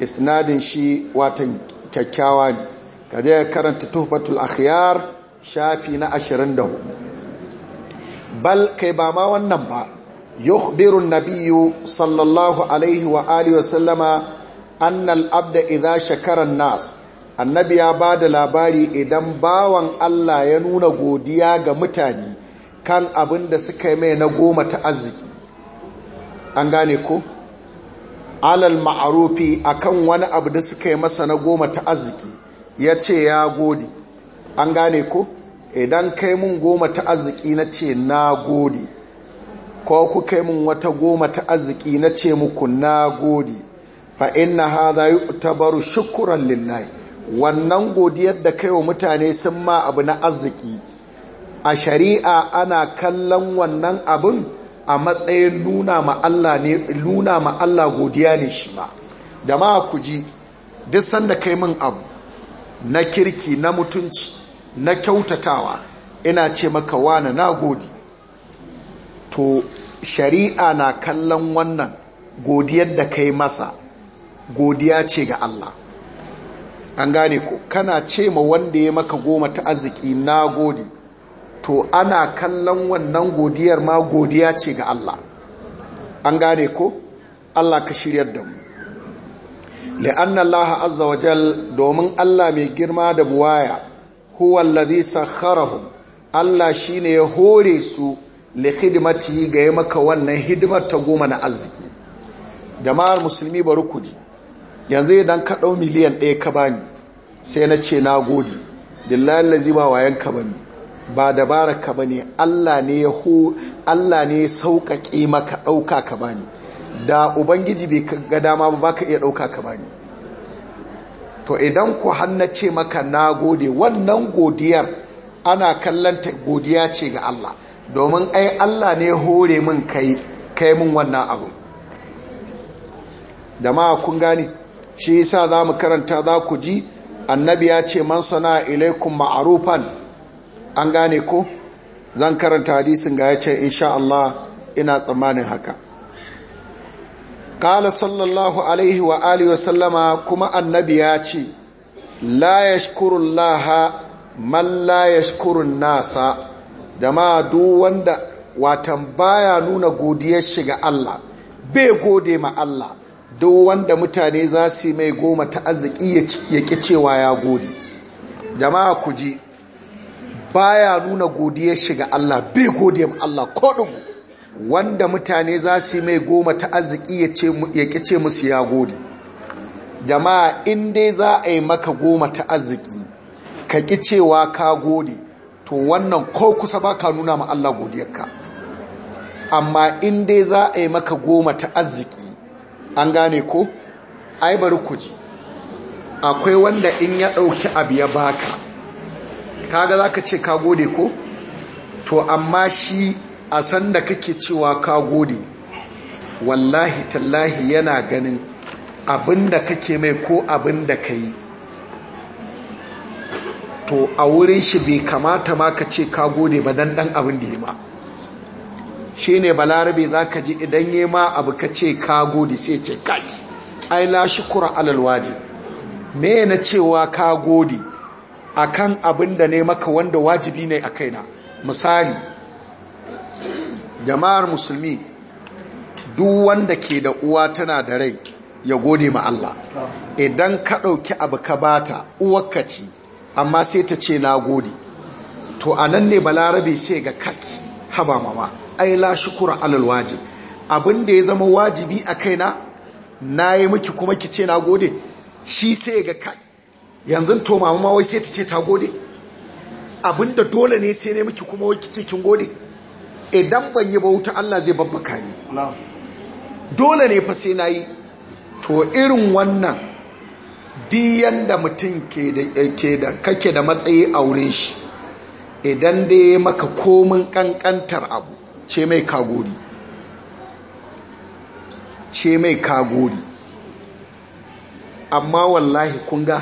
isnadin shi watan kyakkyawa ne ka je karanta tuhbatul akhyar shafi na ashirin 24 bal kai ba ma wannan ba yukhbiru nabiyyu sallallahu alaihi wa alihi wa sallama anna al-abda idha shakara nas annabi ya ba da labari idan bawan Allah ya nuna godiya ga mutane kan abin da suka yi mai na goma ta arziki an gane ko alal ma'arufi akan wani abu da suka yi masa na goma ta arziki ya ce ya gode an gane ku. idan kai mun goma ta arziki na ce na gode ko ku kai mun wata goma ta arziki na ce muku na gode fa inna hadha yu'tabaru shukran lillahi wannan godiyar da kai wa mutane sun ma abu na arziki a shari'a ana kallon wannan abin a matsayin luna ma Allah ne nuna ma godiya ne shi ma da ma ku ji duk sanda kai mun abu na kirki na mutunci na kyautatawa ina ce maka wane na godi to shari'a na kallon wannan godiyar da kai masa godiya ce ga Allah an gane ko kana ce ma wanda ya maka goma ta arziki na godi to ana kallon wannan godiyar ma godiya ce ga Allah an gane ko Allah ka shiryar da mu li'anna Allah azza wa domin Allah mai girma da buwaya huwa allazi sakharahum Allah shine ya hore su li khidmati ga yi maka wannan hidimar ta goma na arziki jama'ar musulmi bari yanzu idan ka dau miliyan ɗaya ka bani sai na ce na gode billahi allazi ba wayan ka bani ba dabaraka bane Allah ne ya Allah ne ya sauƙaƙe maka ɗauka ka bani da ubangiji bai ga dama ba baka iya ɗauka ka bani to idan ku hannace maka na gode wannan godiyar ana kallanta godiya ce ga Allah domin ai Allah ne hore min kai kai min wannan abu da ma kun gane shi yasa za mu karanta za ku ji annabi ya ce man sana ilaikum ma'arufan an gane ko zan karanta hadisin ga ya ce insha Allah ina tsammanin haka kala sallallahu alaihi wa alihi wasallama kuma annabi ya ce la ya laha man la ya nasa da ma wanda watan baya nuna godiyar shiga Allah bai gode ma Allah du wanda mutane za su mai goma ta arziki ya ƙi cewa ya gode jama'a ku ji baya nuna godiyar shiga Allah bai gode ma Allah ko ɗugu wanda mutane za su yi mai goma ta arziki ya kice musu ya gode jama'a in dai za a yi maka goma ta arziki ka kicewa cewa ka gode to wannan ko kusa ba ka nuna ma Allah godiyarka amma in za a yi maka goma ta arziki an gane ko ai bari ku ji akwai wanda in ya ɗauki abu ya baka kaga za ka ce ka gode ko to amma shi a sanda kake cewa ka gode wallahi tallahi yana ganin abinda kake mai ko abinda ka yi to a wurin shi bai kamata ma ka ce ka gode ba dan dan abin da ya ma shi ne balarabe za ka ji idan ya ma abu ka ce ka gode sai ce kaki ai la shukura alal me na cewa ka gode akan abin da ne maka wanda wajibi ne a kaina misali jama'ar musulmi duk wanda ke da uwa tana da rai ya gode ma Allah idan ka ɗauki abu ka bata uwarka ce amma sai ta ce na gode to a nan ne balarabe sai ga kat haba mama ai la shukura alal wajib abin da ya zama wajibi a kaina na yi miki kuma ki ce na gode shi sai ga kai yanzu to mama ma wai sai ta ce ta gode abin da dole ne sai ne miki kuma wai ki ce kin gode idan ban yi bauta, Allah zai babbaka ni dole ne fa sai na yi to irin wannan diyan da mutum ke da kake da matsayi a wurin shi idan da ya maka komin kankantar abu ce mai kagori ce mai kagori amma wallahi kun ga.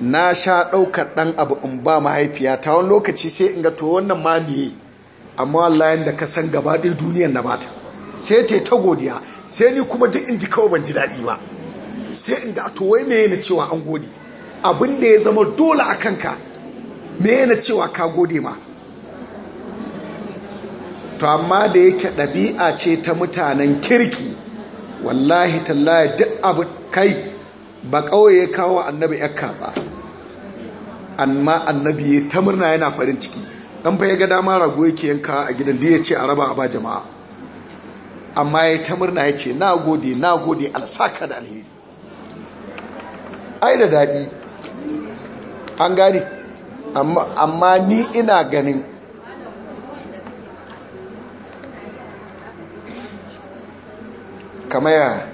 na sha ɗaukar ɗan abu in ba mahaifiyata wani lokaci sai in ga to wannan ma amma wallahi da ka san gaba ɗaya duniyar na bata sai ta ta godiya sai ni kuma ji in ji kawai ban ji daɗi ba sai inda to wai me yana cewa an gode abin da ya zama dole a kanka me yana cewa ka gode ma to amma da yake ɗabi'a ce ta mutanen kirki wallahi tallahi duk abu kai ba kawai ya kawo annabi ya kafa amma annabi ya ta murna yana farin ciki an fa ya ga dama rago yake yanka a gidan da ya ce a raba a ba jama'a amma ya ta murna ya ce na gode na gode alsaka da alheri ai da daɗi an gani amma ni ina ganin kamar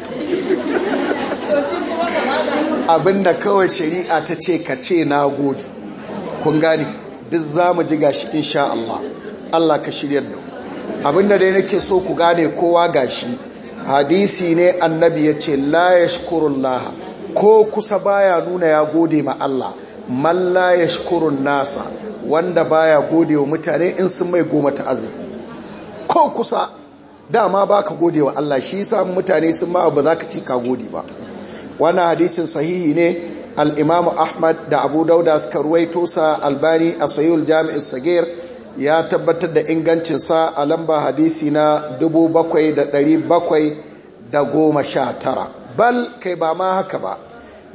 abinda kawai shari'a ta ce ka ce na gode kun gane duk za mu ji gashi insha Allah Allah ka shiryar da abinda dai nake so ku gane kowa gashi hadisi ne annabi ya ce la Laha, ko kusa baya nuna ya gode ma Allah man la yashkurun nasa wanda baya gode wa mutane in sun mai goma ta azumi ko kusa dama ba ka gode wa Allah shi sa mutane sun ma ba za ka ci ka gode ba wannan hadisin sahihi ne al'imamu ahmad da abu dauda suka ruwaito sa albani a sayul jami'in sagir ya tabbatar da ingancin sa a lamba hadisi na 7719 bal kai ba ma haka ba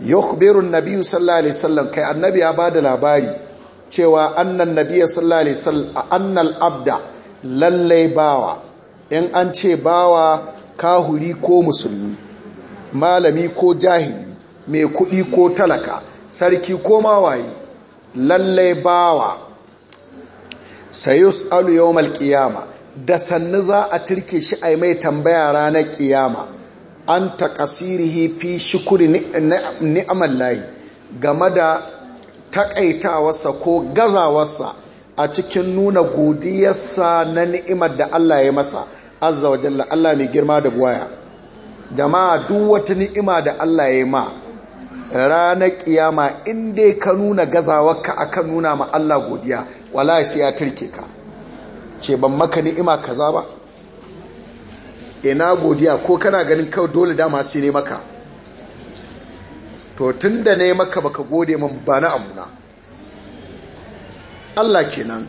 yukhbiru an-nabi sallallahu alaihi wasallam kai annabi ya bada labari cewa annan sallallahu alaihi annal abda lallai bawa in an ce bawa kahuri ko musulmi malami ko jahili mai kuɗi ko talaka sarki ko mawaye lallai bawa sayus alu yau da sannu za a turke shi a mai tambaya ranar ƙiyama an taƙasirihi fi shukuri ni'amar layi game da taƙaitawarsa ko gazawarsa a cikin nuna godiyarsa na ni'imar da Allah ya masa azza wa jalla Allah mai girma da buwaya jama'a duk wata ni'ima da Allah ya ma ranar kiyama in dai ka nuna gazawarka akan nuna ma Allah godiya wala sai ya turke ka ce ban maka ni'ima kaza ba ina godiya ko kana ganin kawai dole dama sai ne maka to tunda ne maka baka gode min ba na amuna Allah kenan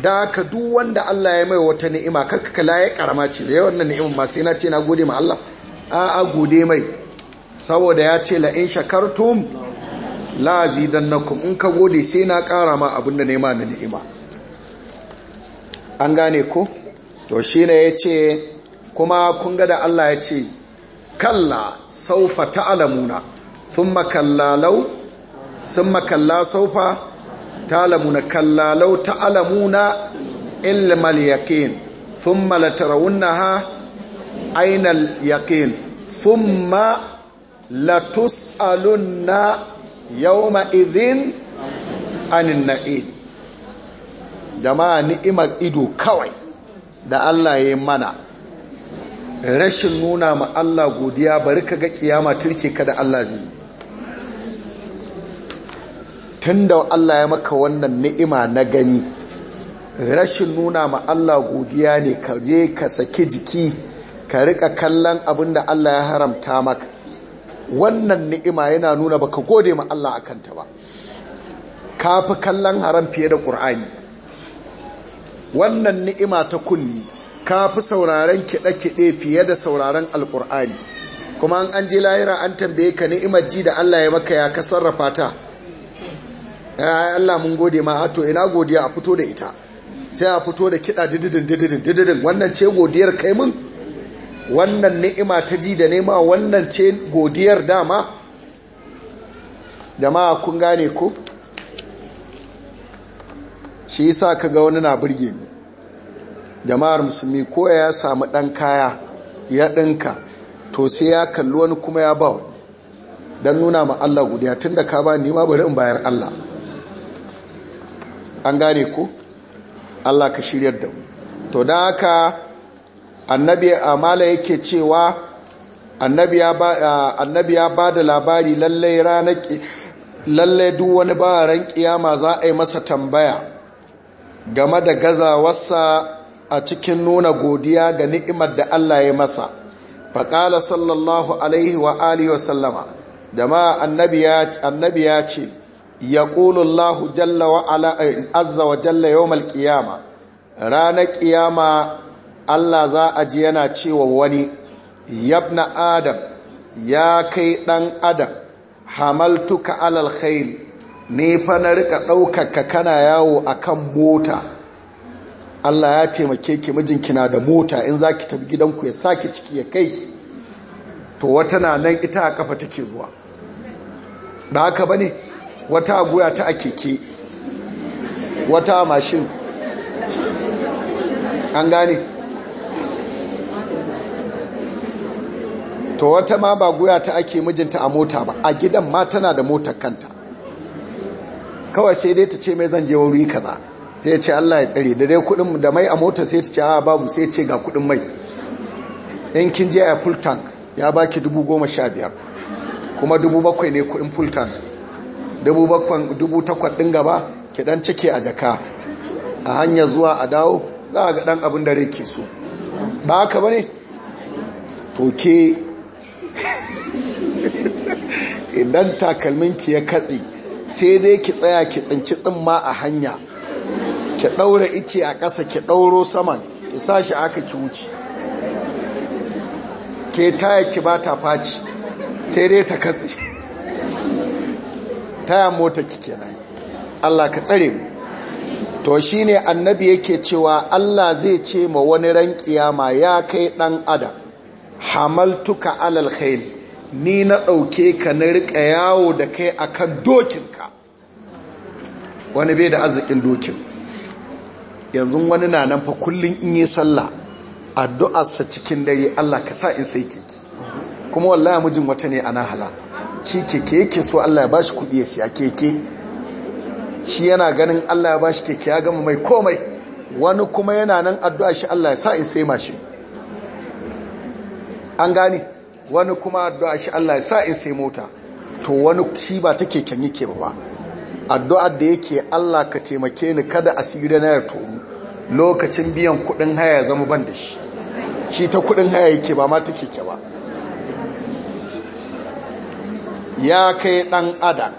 da ka duk wanda Allah ya mai wata ni'ima kakka kala ya karama ce da yawan ni'imin ma sai na ce na gode ma Allah a a gode mai saboda ya ce la in shakartum la zidannakum in ka gode sai na kara ma abinda nema na ni'ima an gane ko to shine yace kuma kun ga da Allah ya ce kalla saufa ta'lamuna thumma kallalau thumma kalla saufa ta'lamuna na law ta'lamuna ilma al-yaqin thumma latarawunnaha ayna al-yaqin thumma latus'alunna yawma idhin anin na'im jama'a ni'imar ido kawai da Allah ya mana rashin nuna ma Allah godiya bari ka ga kiyama turke ka da Allah zai tun da Allah ya maka wannan ni'ima na gani rashin nuna ma Allah godiya ne ka je ka saki jiki ka rika kallon abin da Allah ya haramta maka wannan ni'ima yana nuna baka gode ma Allah a kanta ba ka fi kallon haram fiye da ƙur'ani wannan ni'ima ta kunni ka fi sauraren kiɗe-kiɗe fiye da sauraren alƙur'ani kuma an je lahira an tambaye ka ni'imar ji da Allah ya maka ya ka sarrafa ta Allah mun gode ma hato ina godiya a fito da ita sai a fito da kiɗa dididin dididin dididin wannan ce godiyar kai mun wannan ni'ima ta ji da nema wannan ce godiyar dama jama'a kun gane ku. shi yasa kaga wani na burge ni jama'ar musulmi ko ya samu dan kaya ya dinka to sai ya kalli wani kuma ya ba don nuna ma Allah gudiya tun da ka ba ni ma bari in bayar Allah an gane ku Allah ka shiryar da mu to da haka annabi amala yake cewa annabi ya ba da labari lallai ranar duk wani baran kiyama za a yi masa tambaya game da gazawarsa a cikin nuna godiya ga ni'imar da Allah ya masa faƙala sallallahu alaihi wa alihi wa sallama annabi ya ce yaqulu Allahu jalla wa ala azza wa jalla yawmal qiyama ranar qiyama Allah za a ji yana cewa wani yabna adam ya kai dan adam hamaltuka alal khairi ne fa na rika ɗaukaka kana yawo akan mota Allah ya taimake ki mijinki na da mota in zaki tafi gidanku ya saki ciki ya kai ki to wata na nan ita a kafa take zuwa da haka bane wata goya ta a wata mashin an gane to wata ma ba goya ta ake mijinta a mota ba a gidan ma tana da motar kanta kawai sai dai ta ce mai zan je wuri kaza sai ya ce Allah ya tsare da dai kudin da mai a mota sai ta ce a babu sai ce ga kudin mai in kin je a full tank ya baki biyar kuma 7,000 ne kudin full tank dubu takwas ɗin gaba ki ɗan cike a jaka a hanya zuwa a dawo za a ga ɗan abin da rai ke so ba haka ba ne toke idan takalminki ya katse sai dai ki tsaya ki tsinci tsimma a hanya ki ɗaura ice a ƙasa ki ɗauro saman ki sa shi aka ki wuce ke taya ki bata faci sai dai ta katse taya mota kike nan Allah ka tsare mu to shine annabi yake cewa Allah zai ce ma wani ran kiyama ya kai dan adam hamaltuka alal khayl ni na dauke ka na rika yawo da kai akan dokinka wani bai da arzikin dokin yanzu wani na nan fa kullun in yi sallah addu'arsa cikin dare Allah ka sa in sai kike kuma wallahi mijin wata ne ana halala shi keke yake so Allah ya bashi kudi ya siya keke shi yana ganin Allah ya bashi keke ya gama mai komai wani kuma yana nan addu'a shi Allah ya sa in sai mashi an gane wani kuma addu'a shi Allah ya sa in sai mota to wani shi ba ta keken yake ba ba addu'ar da yake Allah ka taimake ni kada asiri na ya tomu lokacin biyan kuɗin haya zama ban da shi shi ta kuɗin haya yake ba ma ta keke ba ya kai ɗan adam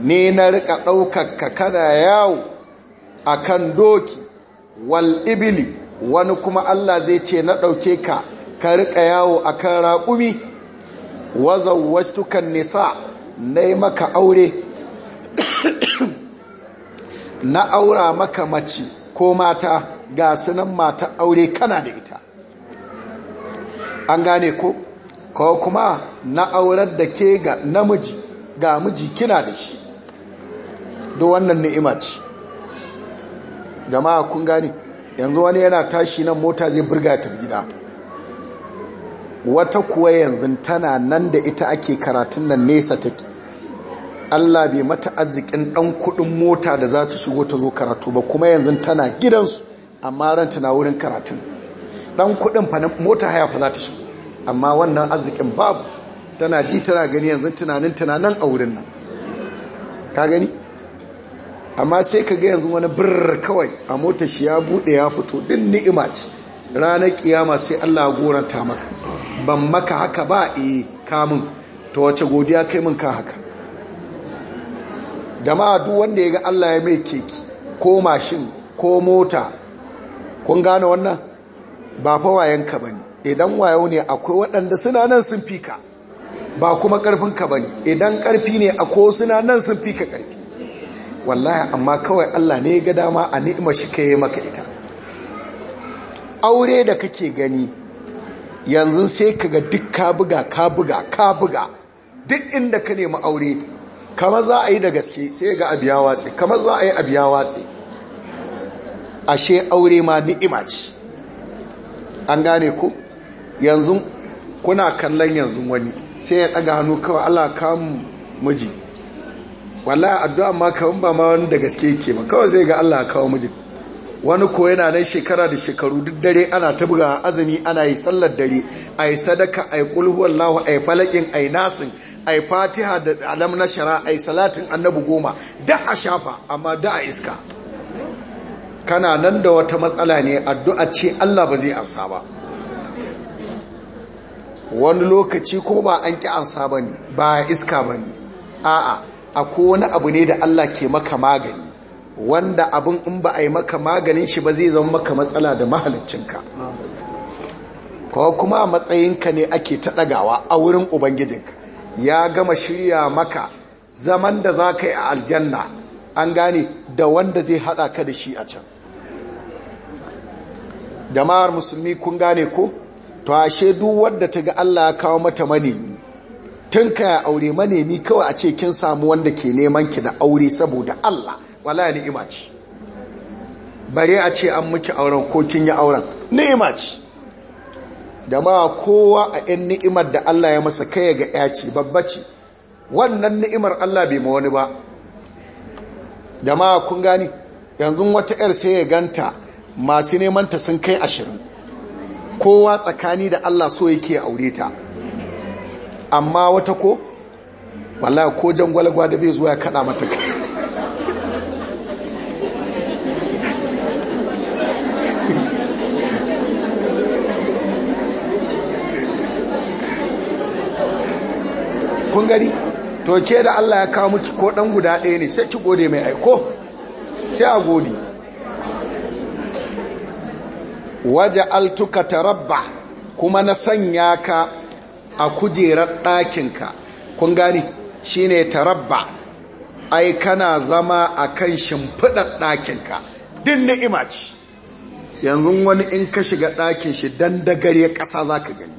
ne na rika ɗaukaka kana yawo a kan doki wal ibili wani kuma Allah zai ce na ɗauke ka ka rika yawo a kan raƙumi wazan wasu nisa na yi maka aure na aura maka mace ko mata ga sunan mata aure kana da ita an gane ko ko kuma na aurar da ke ga namiji ga miji kina da shi do wannan ni'ima ce jama'a kun gane yanzu wani yana tashi nan mota zai burga ta gida wata kuwa yanzu tana nan da ita ake karatun nan nesa take Allah bai mata arzikin dan kudin mota da za ta shigo ta zo karatu ba kuma yanzu tana gidansu amma ranta na wurin karatun dan kudin fa mota haya fa za ta shigo amma wannan arzikin babu tana ji tana gani yanzu tunanin tunanin a wurin nan ka gani amma sai ka ga yanzu wani birr kawai a mota shi ya bude ya fito din ni'ima ce ranar kiyama sai Allah goranta maka ban maka haka ba eh kamun ta wace godiya kai mun ka haka jama'a duk wanda ya ga Allah ya mai keke ko mashin ko mota kun gane wannan ba fa ka bane idan wayo ne akwai waɗanda suna nan sun fi ka ba kuma ƙarfinka ba ne idan ƙarfi ne akwai suna nan sun fi ka ƙarfi wallahi amma kawai Allah ne ya ga dama a ni'imar shi ka yi maka ita aure da kake gani yanzu sai ka ga duk ka buga ka buga ka buga duk inda ka nemi aure kama za a yi da gaske sai ga abiya watsi kama za a yi abiya watsi ashe aure ma ni'ima ce an gane ku yanzu kuna kallon yanzu wani sai ya daga hannu kawai Allah kamu miji wallahi addu'a ma kawai ba ma wani da gaske yake ba kawai sai ga Allah kawo miji wani ko yana nan shekara da shekaru duk dare ana ta buga azumi ana yi sallar dare ai sadaka ai kulhu wallahu ai falakin ai nasin ai fatiha da alam na shara ai salatin annabi goma da a shafa amma da a iska kana nan da wata matsala ne addu'a ce Allah ba zai arsa ba wani lokaci ko ba an ƙi ansa ba ne ba iska ba ne a'a akwai wani abu ne da Allah ke maka magani wanda abin in ba a yi maka maganin shi ba zai zama maka matsala da mahalicinka ko kuma a matsayinka ne ake ta ɗagawa a wurin ubangijinka ya gama shirya maka zaman da za ka yi a aljanna an gane da wanda zai haɗa ka da shi a can jama'ar musulmi kun gane ko to ashe duk wadda ta ga Allah ya kawo mata manemi tun ka aure manemi kawai a ce kin samu wanda ke neman ki da aure saboda Allah wala ni'ima ce bare a ce an miki auren ko kin yi auren ni'ima ce da ma kowa a yan ni'imar da Allah ya masa kai ga ya ce babba ce wannan ni'imar Allah bai ma wani ba da ma kun gani yanzu wata yar sai ya ganta masu neman ta sun kai ashirin kowa tsakani da Allah so yake aure ta amma wata ko wallahi ko jangwalagwa da bai zo ya kada mata kun gari to ke da Allah ya kawo miki ko dan guda ɗaya ne sai ki gode mai aiko sai a gode waje altuka tarabba kuma na sanya ka a kujerar ɗakinka kun gani shi ne tarabba ai kana zama a kan shimfiɗar ɗakinka din ni'ima ce yanzu wani in ka shiga ɗakin shi don dagare ƙasa za ka gani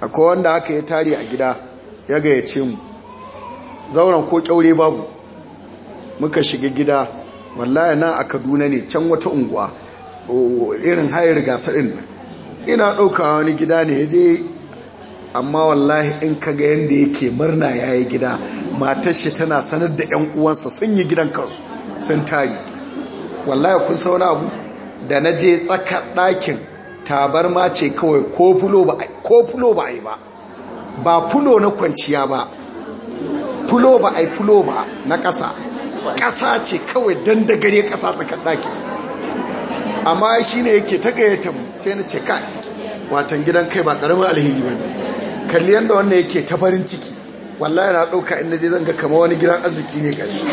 akwai wanda aka yi tari a gida ya gayyace mu zauren ko ƙyaure babu muka shiga gida wallahi na a kaduna ne can wata unguwa irin hayar gasarin nan ina ɗauka wani gida ne ya je amma wallahi in ka ga yadda yake murna ya yi gida matar shi tana sanar da 'yan uwansa sun yi gidan kansu sun tari wallahi kun sauna abu da na je tsakar ɗakin tabarma ce kawai ko fulo ba a yi ba ba fulo na kwanciya ba fulo ba a yi fulo ba na ƙasa ƙasa ce kawai don da gare ƙasa tsakar ɗakin amma shi ne yake ta gayyata mu sai na ce kai watan gidan kai ba karamin alheri ba kalli yadda wannan yake ta farin ciki wallahi na ɗauka inda je zan kama wani gidan arziki ne gashi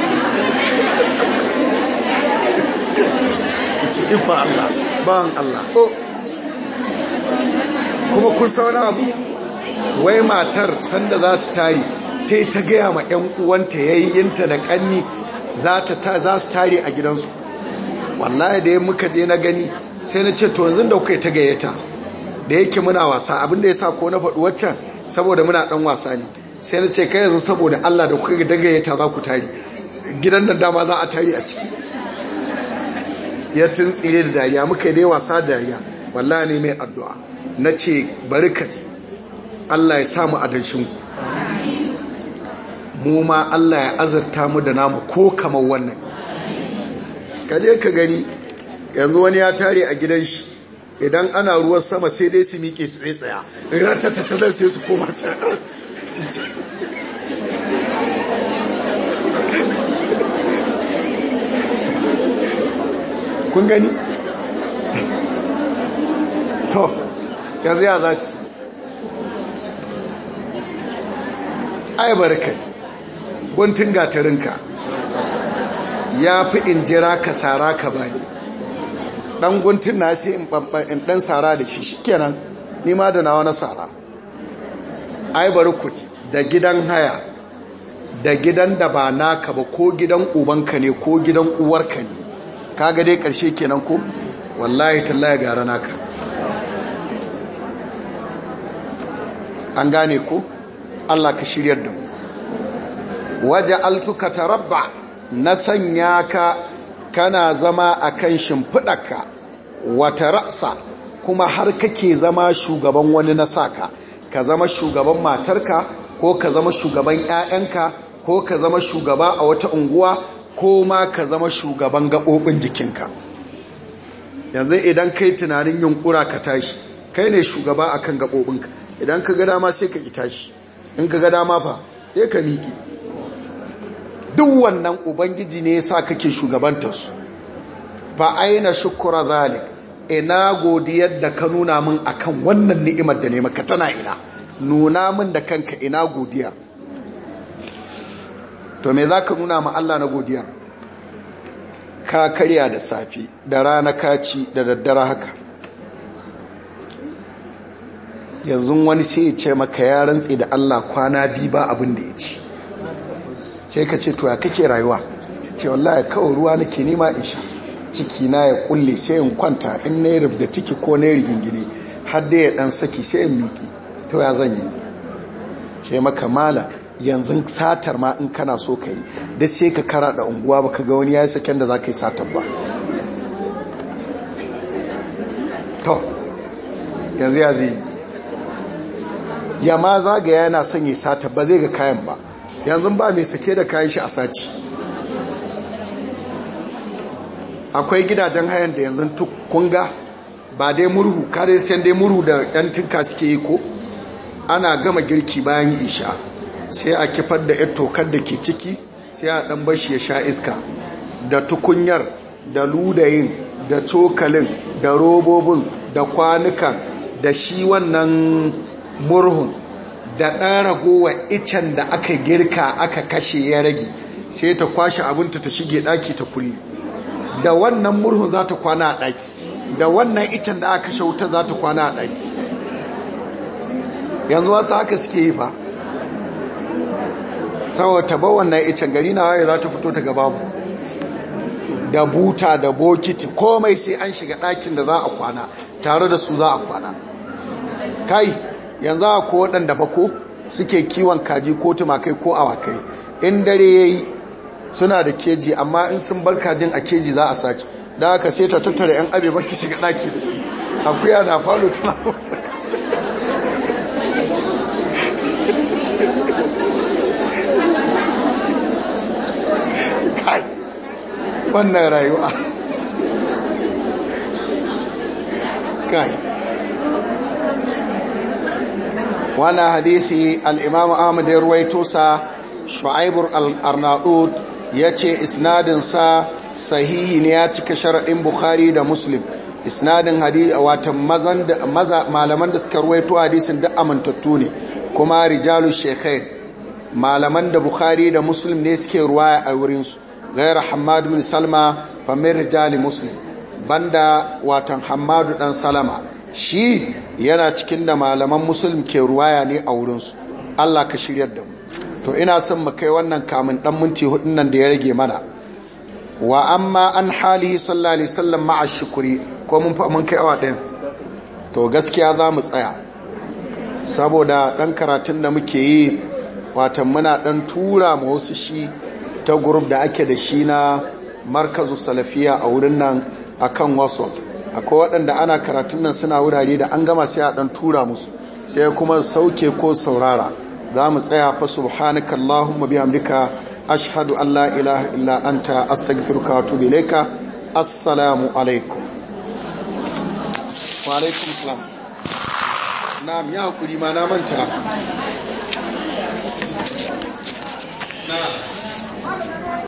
cikin fa Allah Allah o oh. kuma kun sauna abu wai matar sanda za su tari ta yi ta gaya ma 'yan uwanta yinta da kanni za su tari a gidansu wallahi da muka je na gani sai na ce to yanzu da kuka ta gayyata da yake muna wasa abin da yasa ko na faɗi waccan saboda muna dan wasa ne sai na ce kai yanzu saboda Allah da kuka daga gayyata za ku tari gidan nan dama za a tari a ciki ya tsire da dariya muka dai wasa da dariya wallahi ne mai addu'a na ce bari ka Allah ya samu adalcin ku mu ma Allah ya azurta mu da namu ko kamar wannan Kaje ka gani yanzu wani ya tare a gidan shi idan ana ruwan sama sai dai su miƙe su tsaya ratatatalar sai su koma tsaye kun gani? to yanzu ya za su ai barkan guntun gatarinka ya fi in jira ka sara ka bani ɗan guntun na sai in ɗan sara da shi shikenan nima da nawa na sara ai bari ku da gidan haya da gidan da ba naka ba ko gidan ubanka ne ko gidan uwarka ne kaga dai ƙarshe kenan ko wallahi tallahi gara naka an gane ko Allah ka shiryar da mu waje altuka tarabba na sanya ka kana zama a kan shimfiɗarka wata ra'asa, kuma har kake zama shugaban wani na saka ka zama shugaban matarka ko ka zama shugaban 'ya'yanka ko ka zama shugaba a wata unguwa ko ma ka zama shugaban gaɓoɓin jikinka yanzu idan kai tunanin yunkura ka tashi kai ne shugaba a kan gaɓoɓinka idan ka ga dama sai ka ki tashi in ka ga dama fa sai ka miƙe duk wannan ubangiji ne sa kake shugabantarsu fa aina shukura zalik ina godiyar da ka nuna min akan wannan ni'imar da nema ka tana ina nuna min da kanka ina godiya to me za ka nuna ma Allah na godiya ka karya da safi da rana kaci da daddara haka yanzu wani sai ya ce maka ya rantse da Allah kwana biyu ba abin da ya ci sai ka ce to ya kake rayuwa ce wallahi kawai ruwa nake nema in sha ciki na ya kulle sai in kwanta in na rubda ciki ko na rigingine har dai ya dan saki sai in miki to ya zan yi ke maka mala yanzu satar ma in kana so ka yi da sai ka kara da unguwa ba ka ga wani ya yi saken da za ka yi satar ba to yanzu ya zai ya ma zagaya yana son yi satar ba zai ga kayan ba yanzu ba mai sake da kayan shi a saci akwai gidajen hayan da yanzu kunga ba dai murhu kare sai dai murhu da yan tinka suke yi ko ana gama girki bayan isha sai a kifar da yar tokar da ke ciki sai a dan bashi ya sha iska da tukunyar da ludayin da cokalin da robobin da kwanukan da shi wannan murhun da ɗan ragowa icen da aka girka aka kashe ya rage sai ta kwashe abinta ta shige ɗaki ta kulle da wannan murhun za ta kwana a ɗaki da wannan icen da aka kashe wuta za ta kwana a ɗaki yanzu wasu haka suke yi ba saboda taba wannan icen gari na waye za ta fito ta babu da buta da bokiti komai sai an shiga ɗakin da za a kwana tare da su za a kwana kai yanzu a ko waɗanda ba ko suke kiwon kaji ko tumakai ko awakai in dare ya yi suna da keji amma in sun bar kajin a keji za a sake. da aka sai ta tattara 'yan abe bacci shiga ɗaki da su akuya na falo tana wannan rayuwa kai wannan hadisi al'imam ahmad ya ruwaito sa shu'aibur al'arnaud ya ce isnadinsa sahihi ne ya cika sharaɗin bukhari da muslim isnadin hadisi watan malaman da suka ruwaito hadisin duk amintattu ne kuma rijalu shekai malaman da bukhari da muslim ne suke ruwaya a wurinsu gairar hamadu bin salma famir rijali muslim banda watan hamadu dan salama shi yana cikin da malaman musulm ke ruwaya ne a wurinsu Allah ka shiryar da mu to ina son mu kai wannan kamun dan minti hudun nan da ya rage mana wa amma an halihi sallallahu alaihi wasallam ma'a shukuri ko mun fa mun kai awa to gaskiya za mu tsaya saboda dan karatun da muke yi watan muna dan tura ma wasu shi ta group da ake da shi na markazu salafiya a wurin nan akan whatsapp akwai waɗanda ana karatun nan suna wurare da an gama sai a ɗan tura musu sai kuma sauke ko saurara za mu tsaya fa subhanaka allahumma bihamdika ashhadu an la ilaha illa anta astaghfiruka wa atubu ilayka assalamu alaikum wa alaikum salam na miya hakuri ma na manta na